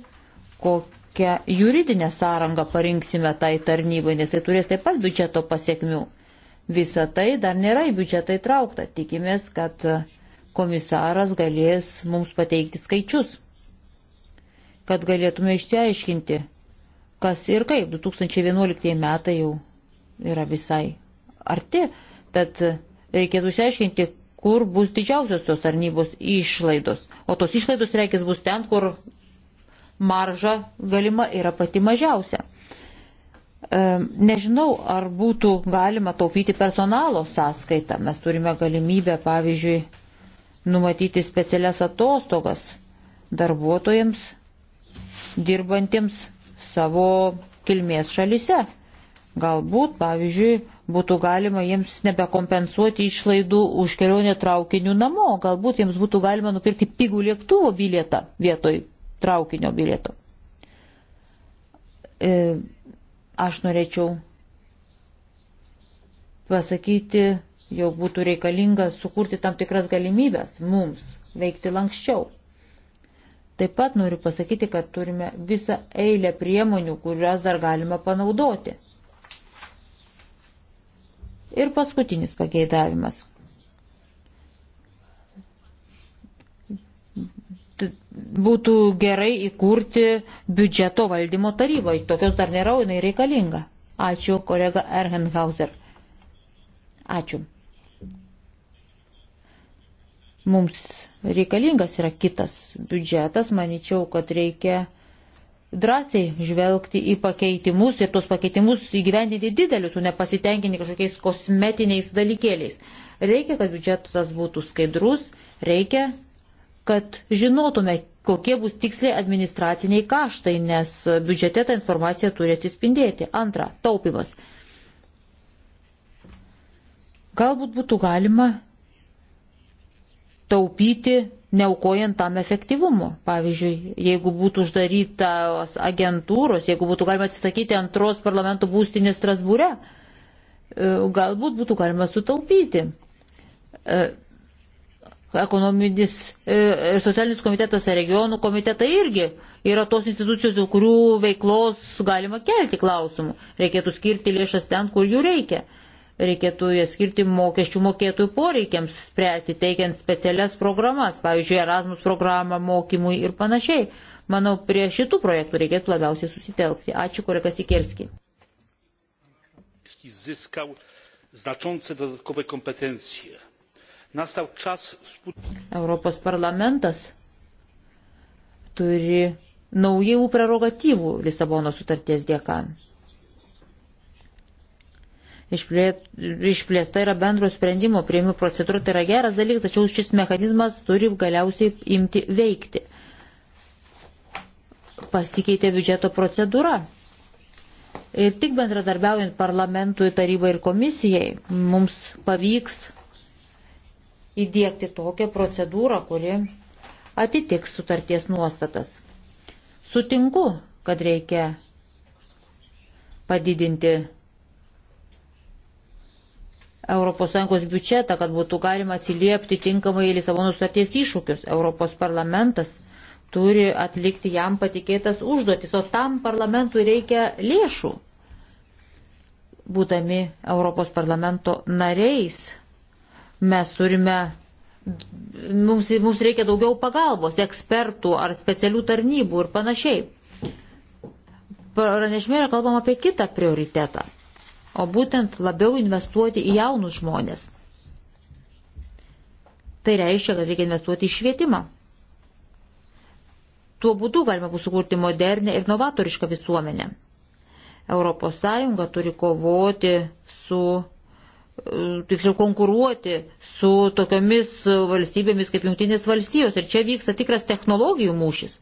kokie kokią juridinę sąrangą parinksime tai tarnybai, nes tai turės taip pat biudžeto pasiekmių. Visa tai dar nėra į biudžetą įtraukta. Tikimės, kad komisaras galės mums pateikti skaičius, kad galėtume išsiaiškinti, kas ir kaip 2011 metai jau yra visai arti, tad reikėtų išsiaiškinti, kur bus didžiausios tos tarnybos išlaidos. O tos išlaidos reikės bus ten, kur marža galima yra pati mažiausia. E, nežinau, ar būtų galima taupyti personalo sąskaitą. Mes turime galimybę, pavyzdžiui, numatyti specialias atostogas darbuotojams dirbantiems savo kilmės šalyse. Galbūt, pavyzdžiui, būtų galima jiems nebekompensuoti išlaidų už kelionę traukiniu namo, galbūt jiems būtų galima nupirkti pigų lėktuvo bilietą vietoj traukinio bilieto. E, aš norėčiau pasakyti, jog būtų reikalinga sukurti tam tikras galimybės mums veikti lankščiau. Taip pat noriu pasakyti, kad turime visą eilę priemonių, kurias dar galima panaudoti. Ir paskutinis pageidavimas būtų gerai įkurti biudžeto valdymo tarybą. Tokios dar nėra, jinai reikalinga. Ačiū, kolega Erhenhauser. Ačiū. Mums reikalingas yra kitas biudžetas, manyčiau, kad reikia drąsiai žvelgti į pakeitimus ir tuos pakeitimus įgyvendinti didelius, o nepasitenkinti kažkokiais kosmetiniais dalykėliais. Reikia, kad biudžetas būtų skaidrus, reikia kad žinotume, kokie bus tiksliai administraciniai kaštai, nes biudžete ta informacija turi atsispindėti. Antra, taupimas. Galbūt būtų galima taupyti, neaukojant tam efektyvumu. Pavyzdžiui, jeigu būtų uždarytas agentūros, jeigu būtų galima atsisakyti antros parlamentų būstinės Strasbūre, e, galbūt būtų galima sutaupyti e, ekonominis e, ir socialinis komitetas, regionų komitetai irgi yra tos institucijos, dėl kurių veiklos galima kelti klausimų. Reikėtų skirti lėšas ten, kur jų reikia. Reikėtų jas skirti mokesčių mokėtojų poreikiams spręsti, teikiant specialias programas, pavyzdžiui, Erasmus programą mokymui ir panašiai. Manau, prie šitų projektų reikėtų labiausiai susitelkti. Ačiū, kolega Sikerski. Zyskał znaczące dodatkowe kompetencje Europos parlamentas turi naujų prerogatyvų Lisabono sutarties dėka. Išplėsta yra bendro sprendimo prieimimo procedūra, tai yra geras dalykas, tačiau šis mechanizmas turi galiausiai imti veikti. Pasikeitė biudžeto procedūra. Ir tik bendradarbiaujant parlamentui, tarybai ir komisijai mums pavyks įdėkti tokią procedūrą, kuri atitiks sutarties nuostatas. Sutinku, kad reikia padidinti ES biudžetą, kad būtų galima atsiliepti tinkamai į Lisabono sutarties iššūkius. Europos parlamentas turi atlikti jam patikėtas užduotis, o tam parlamentui reikia lėšų. Būdami Europos parlamento nariais, Mes turime, mums, mums reikia daugiau pagalbos, ekspertų ar specialių tarnybų ir panašiai. Pranešime yra kalbama apie kitą prioritetą, o būtent labiau investuoti į jaunus žmonės. Tai reiškia, kad reikia investuoti į švietimą. Tuo būdu galima bus sukurti modernę ir novatorišką visuomenę. ES turi kovoti su E, tiksliau konkuruoti su tokiamis valstybėmis kaip Junktinės valstijos. Ir čia vyksta tikras technologijų mūšis.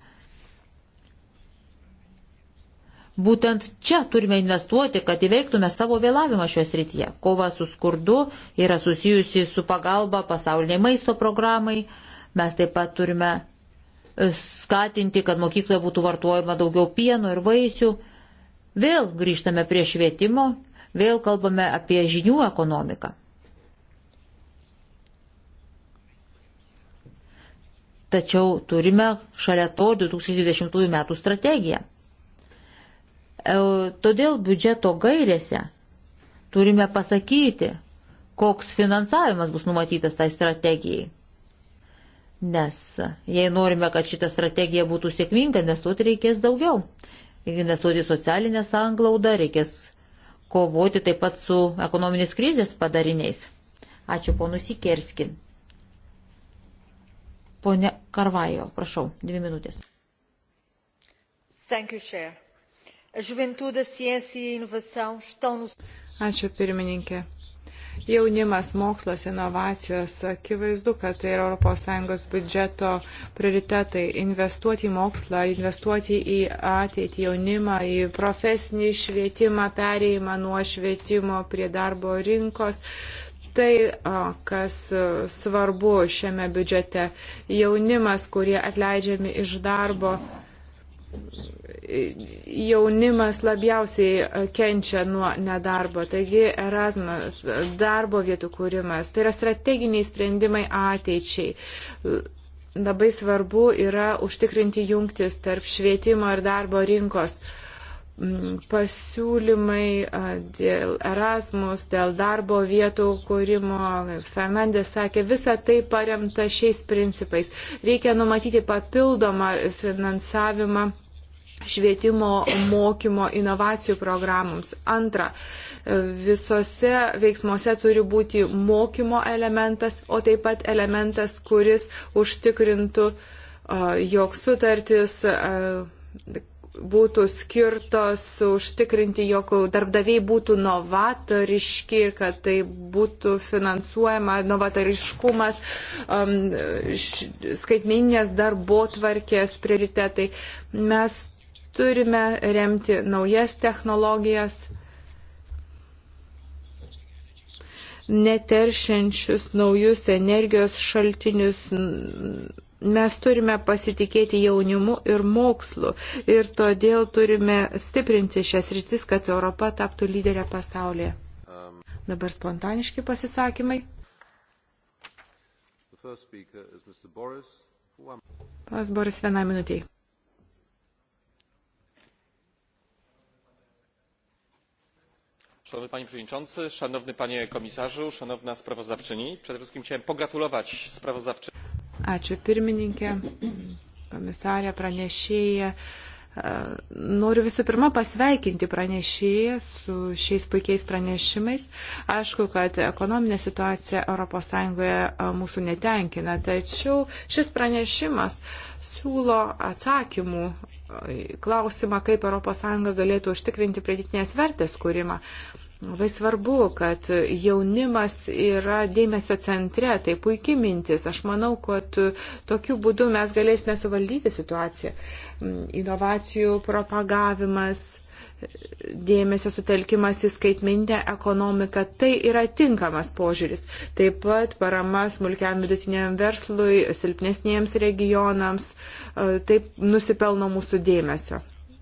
Būtent čia turime investuoti, kad įveiktume savo vėlavimą šioje srityje. Kova su skurdu yra susijusi su pagalba pasauliniai maisto programai. Mes taip pat turime e, skatinti, kad mokykloje būtų vartojama daugiau pieno ir vaisių. Vėl grįžtame prie švietimo Vėl kalbame apie žinių ekonomiką. Tačiau turime šalia to 2020 metų strategiją. Todėl biudžeto gairėse turime pasakyti, koks finansavimas bus numatytas tai strategijai. Nes jei norime, kad šita strategija būtų sėkminga, investuoti reikės daugiau. Investuoti socialinę sanglaudą, reikės kovoti taip pat su ekonominės krizės padariniais. Ačiū ponus Ikerskin. Pone Karvajo, prašau, dvi minutės. Thank you, Chair. A juventude, a ciência e a inovação estão no... Ačiū pirmininkė. Jaunimas, mokslas, inovacijos, akivaizdu, kad tai yra ES biudžeto prioritetai - investuoti į mokslą, investuoti į ateitį jaunimą, į profesinį švietimą, pereimą nuo švietimo prie darbo rinkos. Tai, kas svarbu šiame biudžete, jaunimas, kurie atleidžiami iš darbo jaunimas labiausiai kenčia nuo nedarbo. Taigi Erasmus, darbo vietų kūrimas, tai yra strateginiai sprendimai ateičiai. Labai svarbu yra užtikrinti jungtis tarp švietimo ir darbo rinkos mm, pasiūlymai dėl Erasmus, dėl darbo vietų kūrimo. Fernandės sakė, visa tai paremta šiais principais. Reikia numatyti papildomą finansavimą švietimo, mokymo, inovacijų programams. Antra, visose veiksmuose turi būti mokymo elementas, o taip pat elementas, kuris užtikrintų, jog sutartis būtų skirtos užtikrinti, jog darbdaviai būtų novatoriški ir kad tai būtų finansuojama novatoriškumas, um, skaitmininės darbo tvarkės prioritetai. Mes Turime remti naujas technologijas, neteršiančius naujus energijos šaltinius. Mes turime pasitikėti jaunimu ir mokslu ir todėl turime stiprinti šias rytis, kad Europa taptų lyderę pasaulyje. Dabar spontaniški pasisakymai. Pas Boris vieną minutį. szanowny panie przewodniczący szanowny panie komisarzu szanowna sprawozdawczyni! przede wszystkim chciałem pogratulować sprawozdawczyni. ačiū pirmininke komisare pranešėja. E, noriu visų pirma pasveikinti pranešėją su šiais puikiais pranešimais. Aišku, kad ekonominė situacija ES e, mūsų netenkina, tačiau šis pranešimas siūlo atsakymų e, klausimą, kaip ES galėtų užtikrinti pridėtinės vertės kūrimą. Labai svarbu, kad jaunimas yra dėmesio centre, tai puikiai mintis. Aš manau, kad tokiu būdu mes galėsime suvaldyti situaciją. Mm, inovacijų propagavimas, dėmesio sutelkimas į skaitminę ekonomiką, tai yra tinkamas požiūris. Taip pat parama smulkiam vidutiniam verslui, silpnesniems regionams, e, taip nusipelno mūsų dėmesio.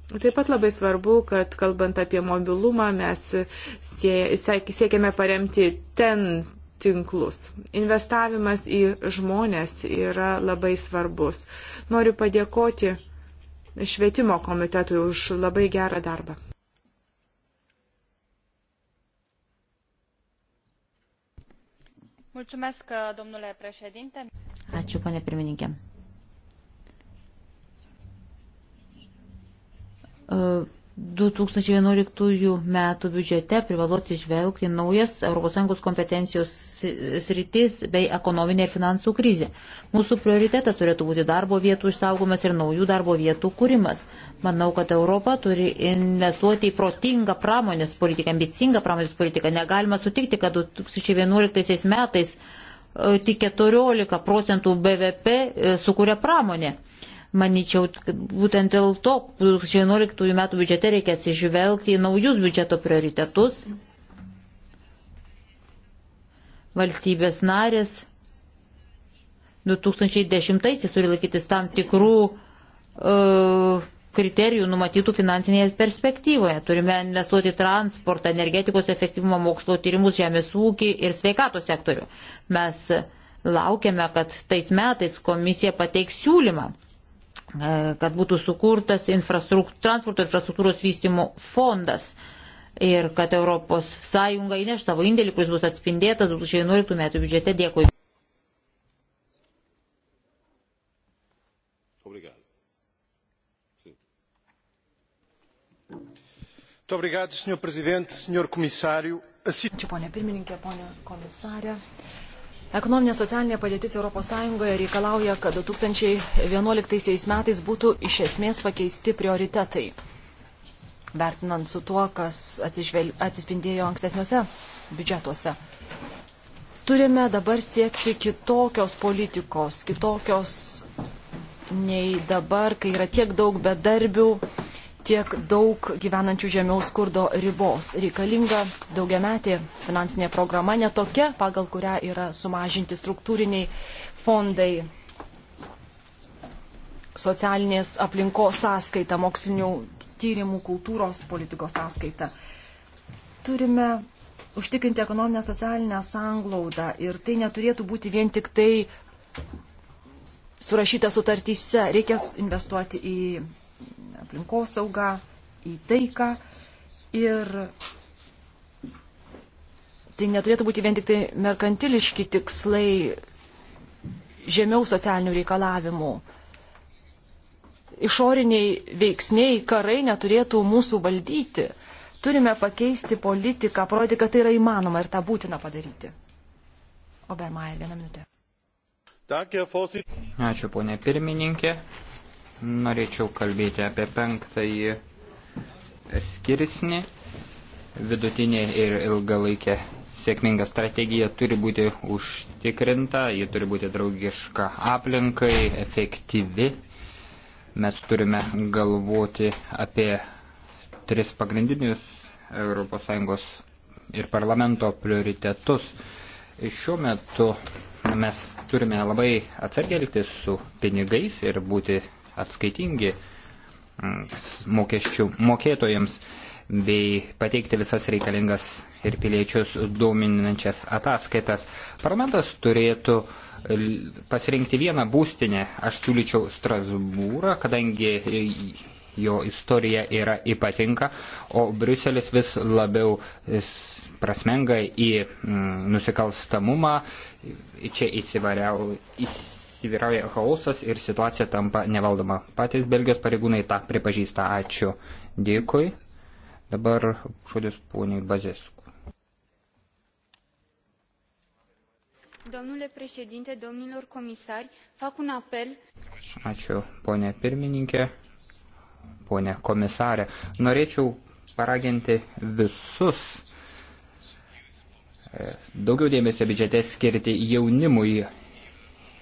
Taip pat labai svarbu, kad kalbant apie mobilumą, mes siekiame paremti ten tinklus. Investavimas į žmonės yra labai svarbus. Noriu padėkoti švietimo komitetui už labai gerą darbą. Ačiū, ponė pirmininkė. 2011 metų biudžete privalu atsižvelgti naujas ES kompetencijos sritis bei ekonominė ir finansų krizė. Mūsų prioritetas turėtų būti darbo vietų išsaugomas ir naujų darbo vietų kūrimas. Manau, kad Europa turi investuoti į protingą pramonės politiką, ambicingą pramonės politiką. Negalima sutikti, kad 2011 metais e, tik 14 procentų BVP e, sukuria pramonė Maničiau, kad būtent dėl to 2011 metų biudžete reikia atsižvelgti į naujus biudžeto prioritetus. Valstybės narės 2010-aisiais turi laikytis tam tikrų uh, kriterijų numatytų finansinėje perspektyvoje. Turime investuoti transportą, energetikos efektyvumo mokslo tyrimus, žemės ūkį ir sveikato sektorių. Mes laukiame, kad tais metais komisija pateiks siūlymą E, kad būtų sukurtas infrastruktūr, transporto infrastruktūros vystimo fondas ir kad ES įneš savo indėlį, kuris bus atspindėtas 2011 metų biudžete. Dėkui. Ačiū, ponė pirmininkė, ponė komisarė. Ekonominė socialinė padėtis ES reikalauja, kad 2011 metais būtų iš esmės pakeisti prioritetai, vertinant su tuo, kas atsižvel... atsispindėjo ankstesniuose biudžetuose. Turime dabar siekti kitokios politikos, kitokios nei dabar, kai yra tiek daug bedarbių, tiek daug gyvenančių žemiau skurdo ribos. Reikalinga daugiametė finansinė programa netokia, pagal kurią yra sumažinti struktūriniai fondai socialinės aplinkos sąskaita, mokslinių tyrimų kultūros politikos sąskaita. Turime užtikrinti ekonominę socialinę sanglaudą ir tai neturėtų būti vien tik tai surašyta sutartyse. Reikės investuoti į aplinkosaugą, į taiką. Ir tai neturėtų būti vien tik tai merkantiliški tikslai žemiau socialinių reikalavimų. Išoriniai veiksniai, karai neturėtų mūsų valdyti. Turime pakeisti politiką, parodyti, kad tai yra įmanoma ir tą būtina padaryti. Obermaier, vieną minutę. Ačiū, ponė pirmininkė. Norėčiau kalbėti apie penktąjį skirsnį. Vidutinė ir ilgalaikė sėkminga strategija turi būti užtikrinta, ji turi būti draugiška aplinkai, efektyvi. Mes turime galvoti apie tris pagrindinius ES ir parlamento prioritetus. Šiuo metu mes turime labai atsargelgti su pinigais ir būti atskaitingi mm, mokesčių mokėtojams bei pateikti visas reikalingas ir piliečius dominančias ataskaitas. Parlamentas turėtų pasirinkti vieną būstinę, aš siūlyčiau Strasbūrą, kadangi jo istorija yra ypatinga, o Briuselis vis labiau prasmenga į mm, nusikalstamumą, čia įsivariau. Įs įsivyrauja chaosas ir situacija tampa nevaldoma. Patys Belgijos pareigūnai tą pripažįsta. Ačiū. Dėkui. Dabar žodis poniai Bazesku. Domnule președinte, domnilor comisari, fac un apel. Ačiū, ponė pirmininkė, ponė komisarė. Norėčiau paraginti visus e, daugiau dėmesio biudžete skirti jaunimui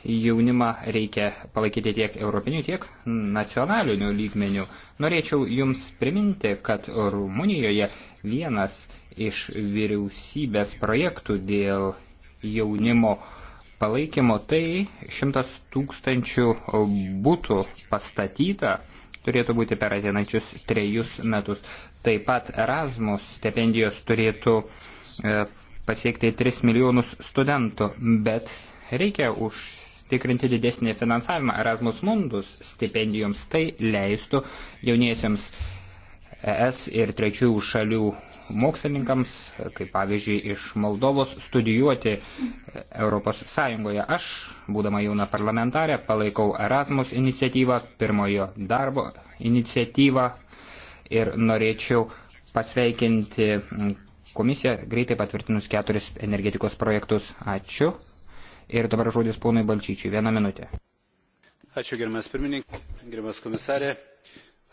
jaunimą reikia palaikyti tiek europinių, tiek nacionalinių lygmenių. Norėčiau Jums priminti, kad Rumunijoje vienas iš vyriausybės projektų dėl jaunimo palaikymo tai šimtas tūkstančių būtų pastatyta, turėtų būti per ateinančius trejus metus. Taip pat Erasmus stipendijos turėtų e, pasiekti 3 milijonus studentų, bet reikia už užtikrinti didesnį finansavimą Erasmus Mundus stipendijoms. Tai leistų jauniesiems ES ir trečiųjų šalių mokslininkams, kaip pavyzdžiui iš Moldovos, studijuoti Europos Sąjungoje. Aš, būdama jauna parlamentarė, palaikau Erasmus iniciatyvą, pirmojo darbo iniciatyvą ir norėčiau pasveikinti komisiją greitai patvirtinus keturis energetikos projektus. Ačiū. Ir dabar žodis ponui Balčyčiui. Vieną minutę. Ačiū, gerbiamas pirmininkas, gerbiamas komisarė.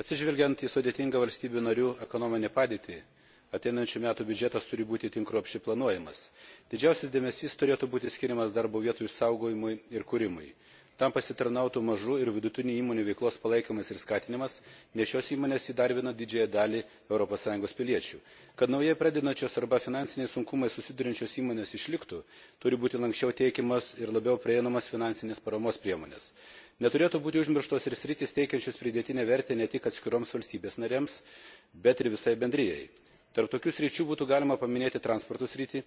Atsižvelgiant į sudėtingą valstybių narių ekonominę padėtį, ateinančių metų biudžetas turi būti tinkruopščiai planuojamas. Didžiausias dėmesys turėtų būti skiriamas darbo vietų išsaugojimui ir kūrimui tam pasitarnautų mažų ir vidutinių įmonių veiklos palaikymas ir skatinimas nes šios įmonės įdarbina didžiąją dalį europos sąjungos piliečių. kad naujai pradedančios arba finansiniais sunkumais susiduriančios įmonės išliktų turi būti lanksčiau teikiamos ir labiau prieinamos finansinės paramos priemonės. neturėtų būti užmirštos ir sritys teikiančios pridėtinę vertę ne tik atskiroms valstybėms narėms bet ir visai bendrijai tarp tokių sričių būtų galima paminėti transporto sritį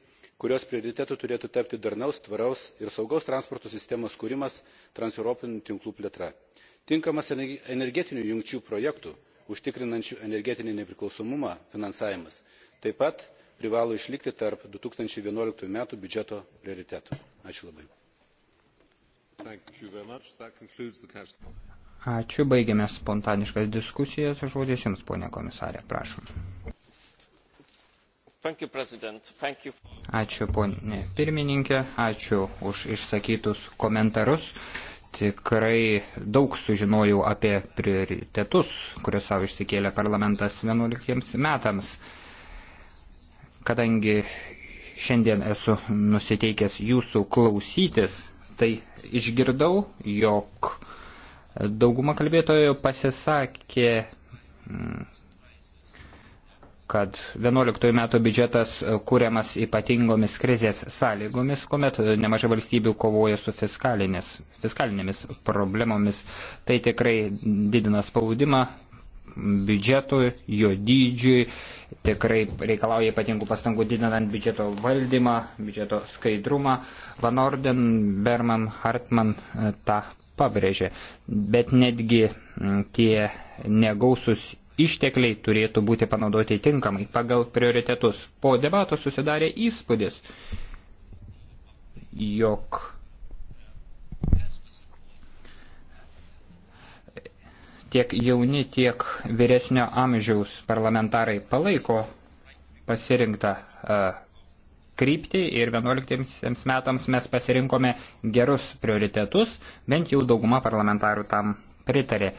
kurios prioritetu turėtų tapti darnaus tvaraus ir saugaus transporto sistemos kūrimas transeuropinių tinklų plėtra tinkamas energetinių jungčių projektų užtikrinančių energetinį nepriklausomumą finansavimas taip pat privalo išlikti tarp du tūkstančiai vienuolika m. biudžeto prioritetų. Ačiū labai. Ačiū, baigiame spontaniškas diskusijas. Žodis Jums, ponė komisarė, prašom. Ačiū ponė pirmininkė, ačiū už išsakytus komentarus. Tikrai daug sužinojau apie prioritetus, kuriuos savo išsikėlė parlamentas 11 metams. Kadangi šiandien esu nusiteikęs jūsų klausytis, tai išgirdau, jog dauguma kalbėtojų pasisakė mm, kad 11 metų biudžetas e, kūriamas ypatingomis krizės sąlygomis, kuomet e, nemažai valstybių kovoja su fiskalinėmis problemomis. Tai tikrai didina spaudimą biudžetui, jo dydžiui, tikrai reikalauja ypatingų pastangų didinant biudžeto valdymą, biudžeto skaidrumą. Van Orden, Berman, Hartman e, tą pabrėžė. Bet netgi tie negausus ištekliai turėtų būti panaudoti tinkamai pagal prioritetus. Po debato susidarė įspūdis, jog tiek jauni, tiek vyresnio amžiaus parlamentarai palaiko pasirinktą e, kryptį ir 11 metams mes pasirinkome gerus prioritetus, bent jau dauguma parlamentarų tam pritarė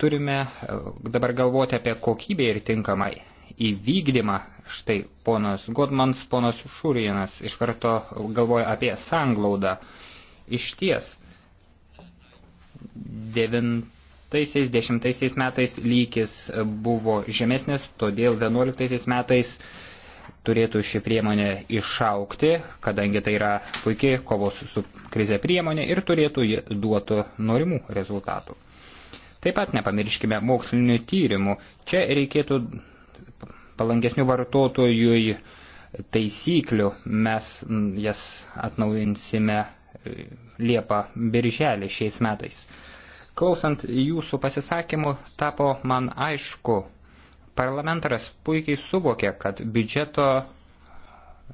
turime e, dabar galvoti apie kokybę ir tinkamą įvykdymą. Štai ponas Godmans, ponas Šurinas iš karto galvoja apie sanglaudą. Iš ties, 9-10 metais lygis buvo žemesnis, todėl 11 metais turėtų ši priemonė išaukti, kadangi tai yra puikiai kovos su krize priemonė ir turėtų duotų norimų rezultatų. Taip pat nepamirškime mokslinių tyrimų. Čia reikėtų palankesnių vartotojui taisyklių. Mes jas atnaujinsime e, Liepą birželį šiais metais. Klausant jūsų pasisakymų, tapo man aišku, parlamentaras puikiai suvokė, kad biudžeto,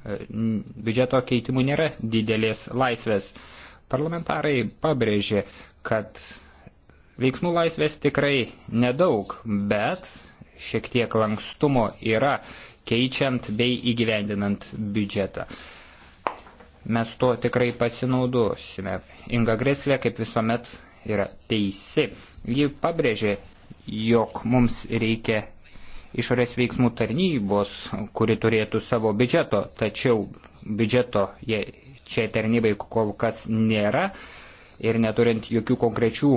e, biudžeto keitimų nėra didelės laisvės. Parlamentarai pabrėžė, kad Veiksmų laisvės tikrai nedaug, bet šiek tiek lankstumo yra keičiant bei įgyvendinant biudžetą. Mes to tikrai pasinaudosime. Inga Greslė, kaip visuomet, yra teisi. Ji pabrėžė, jog mums reikia išorės veiksmų tarnybos, kuri turėtų savo biudžeto, tačiau biudžeto jie, čia tarnybai kol kas nėra ir neturint jokių konkrečių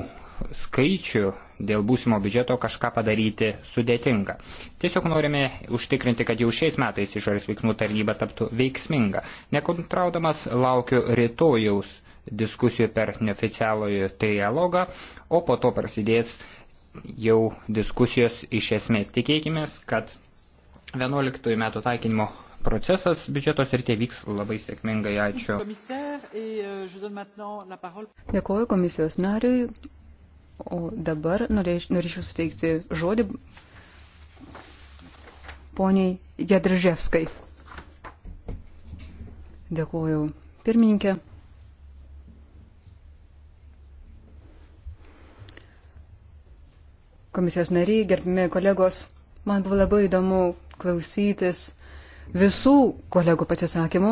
skaičių dėl būsimo biudžeto kažką padaryti sudėtinga. Tiesiog norime užtikrinti, kad jau šiais metais išorės veiksmų tarnyba taptų veiksminga. Nekontraudamas laukiu rytojaus diskusijų per neoficialojų trialogą, o po to prasidės jau diskusijos iš esmės. Tikėkime, kad 11 metų taikinimo procesas biudžeto srityje vyks labai sėkmingai. Ačiū. Euh, Dėkuoju komisijos nariui. O dabar norėčiau suteikti žodį poniai Jadrževskai. Dėkuoju pirmininkė. Komisijos nariai, gerbimi kolegos, man buvo labai įdomu klausytis visų kolegų pasisakymų.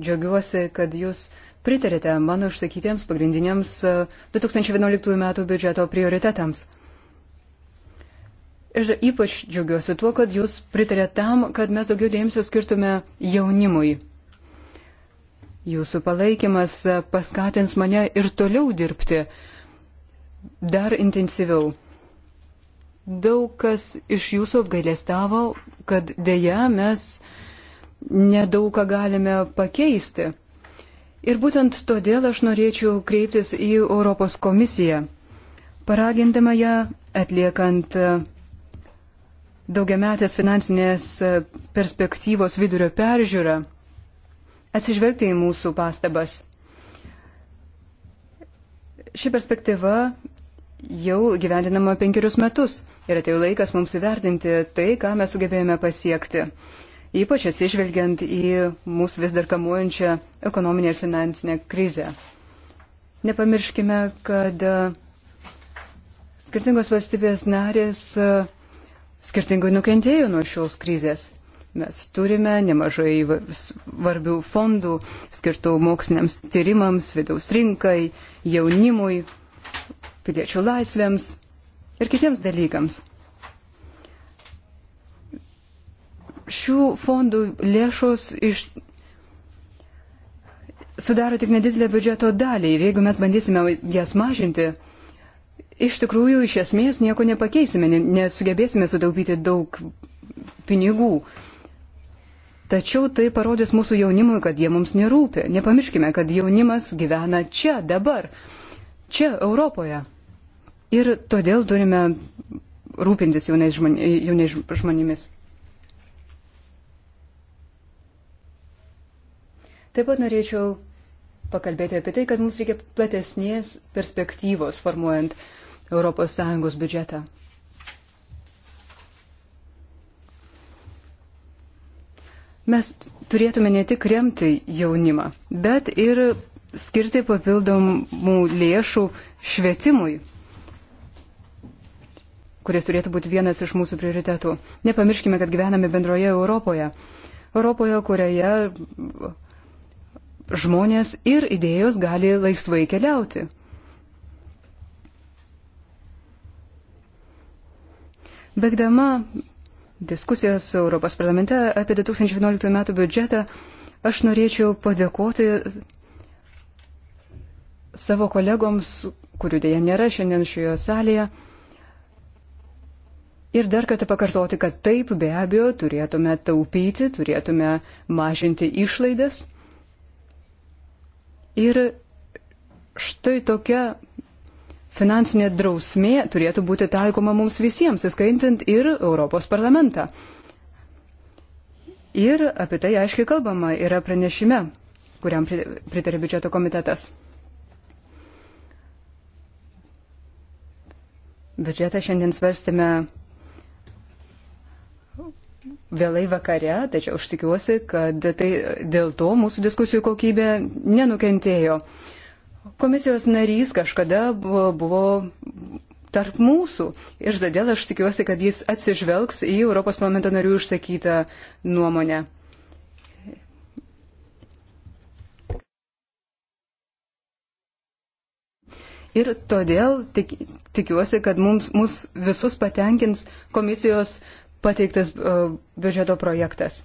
Džiaugiuosi, kad jūs uh, pritarėte mano išsakytiems pagrindiniams 2011 e, m. biudžeto prioritetams. Ir ypač džiaugiuosi tuo, kad jūs pritarėte tam, kad mes daugiau dėmesio skirtume jaunimui. Jūsų palaikymas e, paskatins mane ir toliau dirbti dar intensyviau. Daug kas iš jūsų apgailėstavo, kad dėja mes nedaug ką galime pakeisti. Ir būtent todėl aš norėčiau kreiptis į Europos komisiją, paragindama ją atliekant e, daugiametės finansinės e, perspektyvos vidurio peržiūrą, atsižvelgti į mūsų pastabas. Ši perspektyva jau gyvendinama penkerius metus ir atėjo laikas mums įvertinti tai, ką mes sugebėjome pasiekti ypač atsižvelgiant į mūsų vis dar kamuojančią ekonominę ir finansinę krizę. Nepamirškime, kad e, skirtingos valstybės narės e, skirtingai nukentėjo nuo šios krizės. Mes turime nemažai svarbių fondų skirtų moksliniams tyrimams, vidaus rinkai, jaunimui, piliečių laisvėms ir kitiems dalykams. šių fondų lėšos iš sudaro tik nedidelę biudžeto dalį ir jeigu mes bandysime jas mažinti, iš tikrųjų iš esmės nieko nepakeisime, nesugebėsime sutaupyti daug pinigų. Tačiau tai parodys mūsų jaunimui, kad jie mums nerūpi. Nepamirškime, kad jaunimas gyvena čia, dabar, čia, Europoje. Ir todėl turime rūpintis jaunais, žmonė, jaunais žmonėmis. Taip pat norėčiau pakalbėti apie tai, kad mums reikia platesnės perspektyvos formuojant ES biudžetą. Mes turėtume ne tik remti jaunimą, bet ir skirti papildomų lėšų švietimui, kuris turėtų būti vienas iš mūsų prioritetų. Nepamirškime, kad gyvename bendroje Europoje. Europoje, kurioje žmonės ir idėjos gali laisvai keliauti. Begdama diskusijas Europos parlamente apie 2011 metų biudžetą, aš norėčiau padėkoti savo kolegoms, kurių dėja nėra šiandien šioje salėje, ir dar kartą pakartoti, kad taip be abejo turėtume taupyti, turėtume mažinti išlaidas. Ir štai tokia finansinė drausmė turėtų būti taikoma mums visiems, įskaitant ir Europos parlamentą. Ir apie tai aiškiai kalbama yra pranešime, kuriam pritarė biudžeto komitetas. Biudžetą šiandien svarstėme vėlai vakare, tačiau aš tikiuosi, kad tai dėl to mūsų diskusijų kokybė nenukentėjo. Komisijos narys kažkada buvo, buvo tarp mūsų ir todėl aš tikiuosi, kad jis atsižvelgs į Europos parlamento narių išsakytą nuomonę. Ir todėl tik, tikiuosi, kad mums, mus visus patenkins komisijos pateiktas e, biudžeto projektas.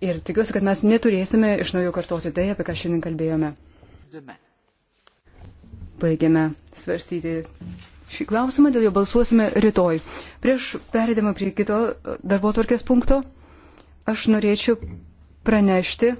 Ir tikiuosi, kad mes neturėsime iš naujo kartoti tai, apie ką šiandien kalbėjome. Baigiame svarstyti šį klausimą, dėl jo balsuosime rytoj. Prieš perėdama prie kito e, darbo tvarkės punkto, aš norėčiau pranešti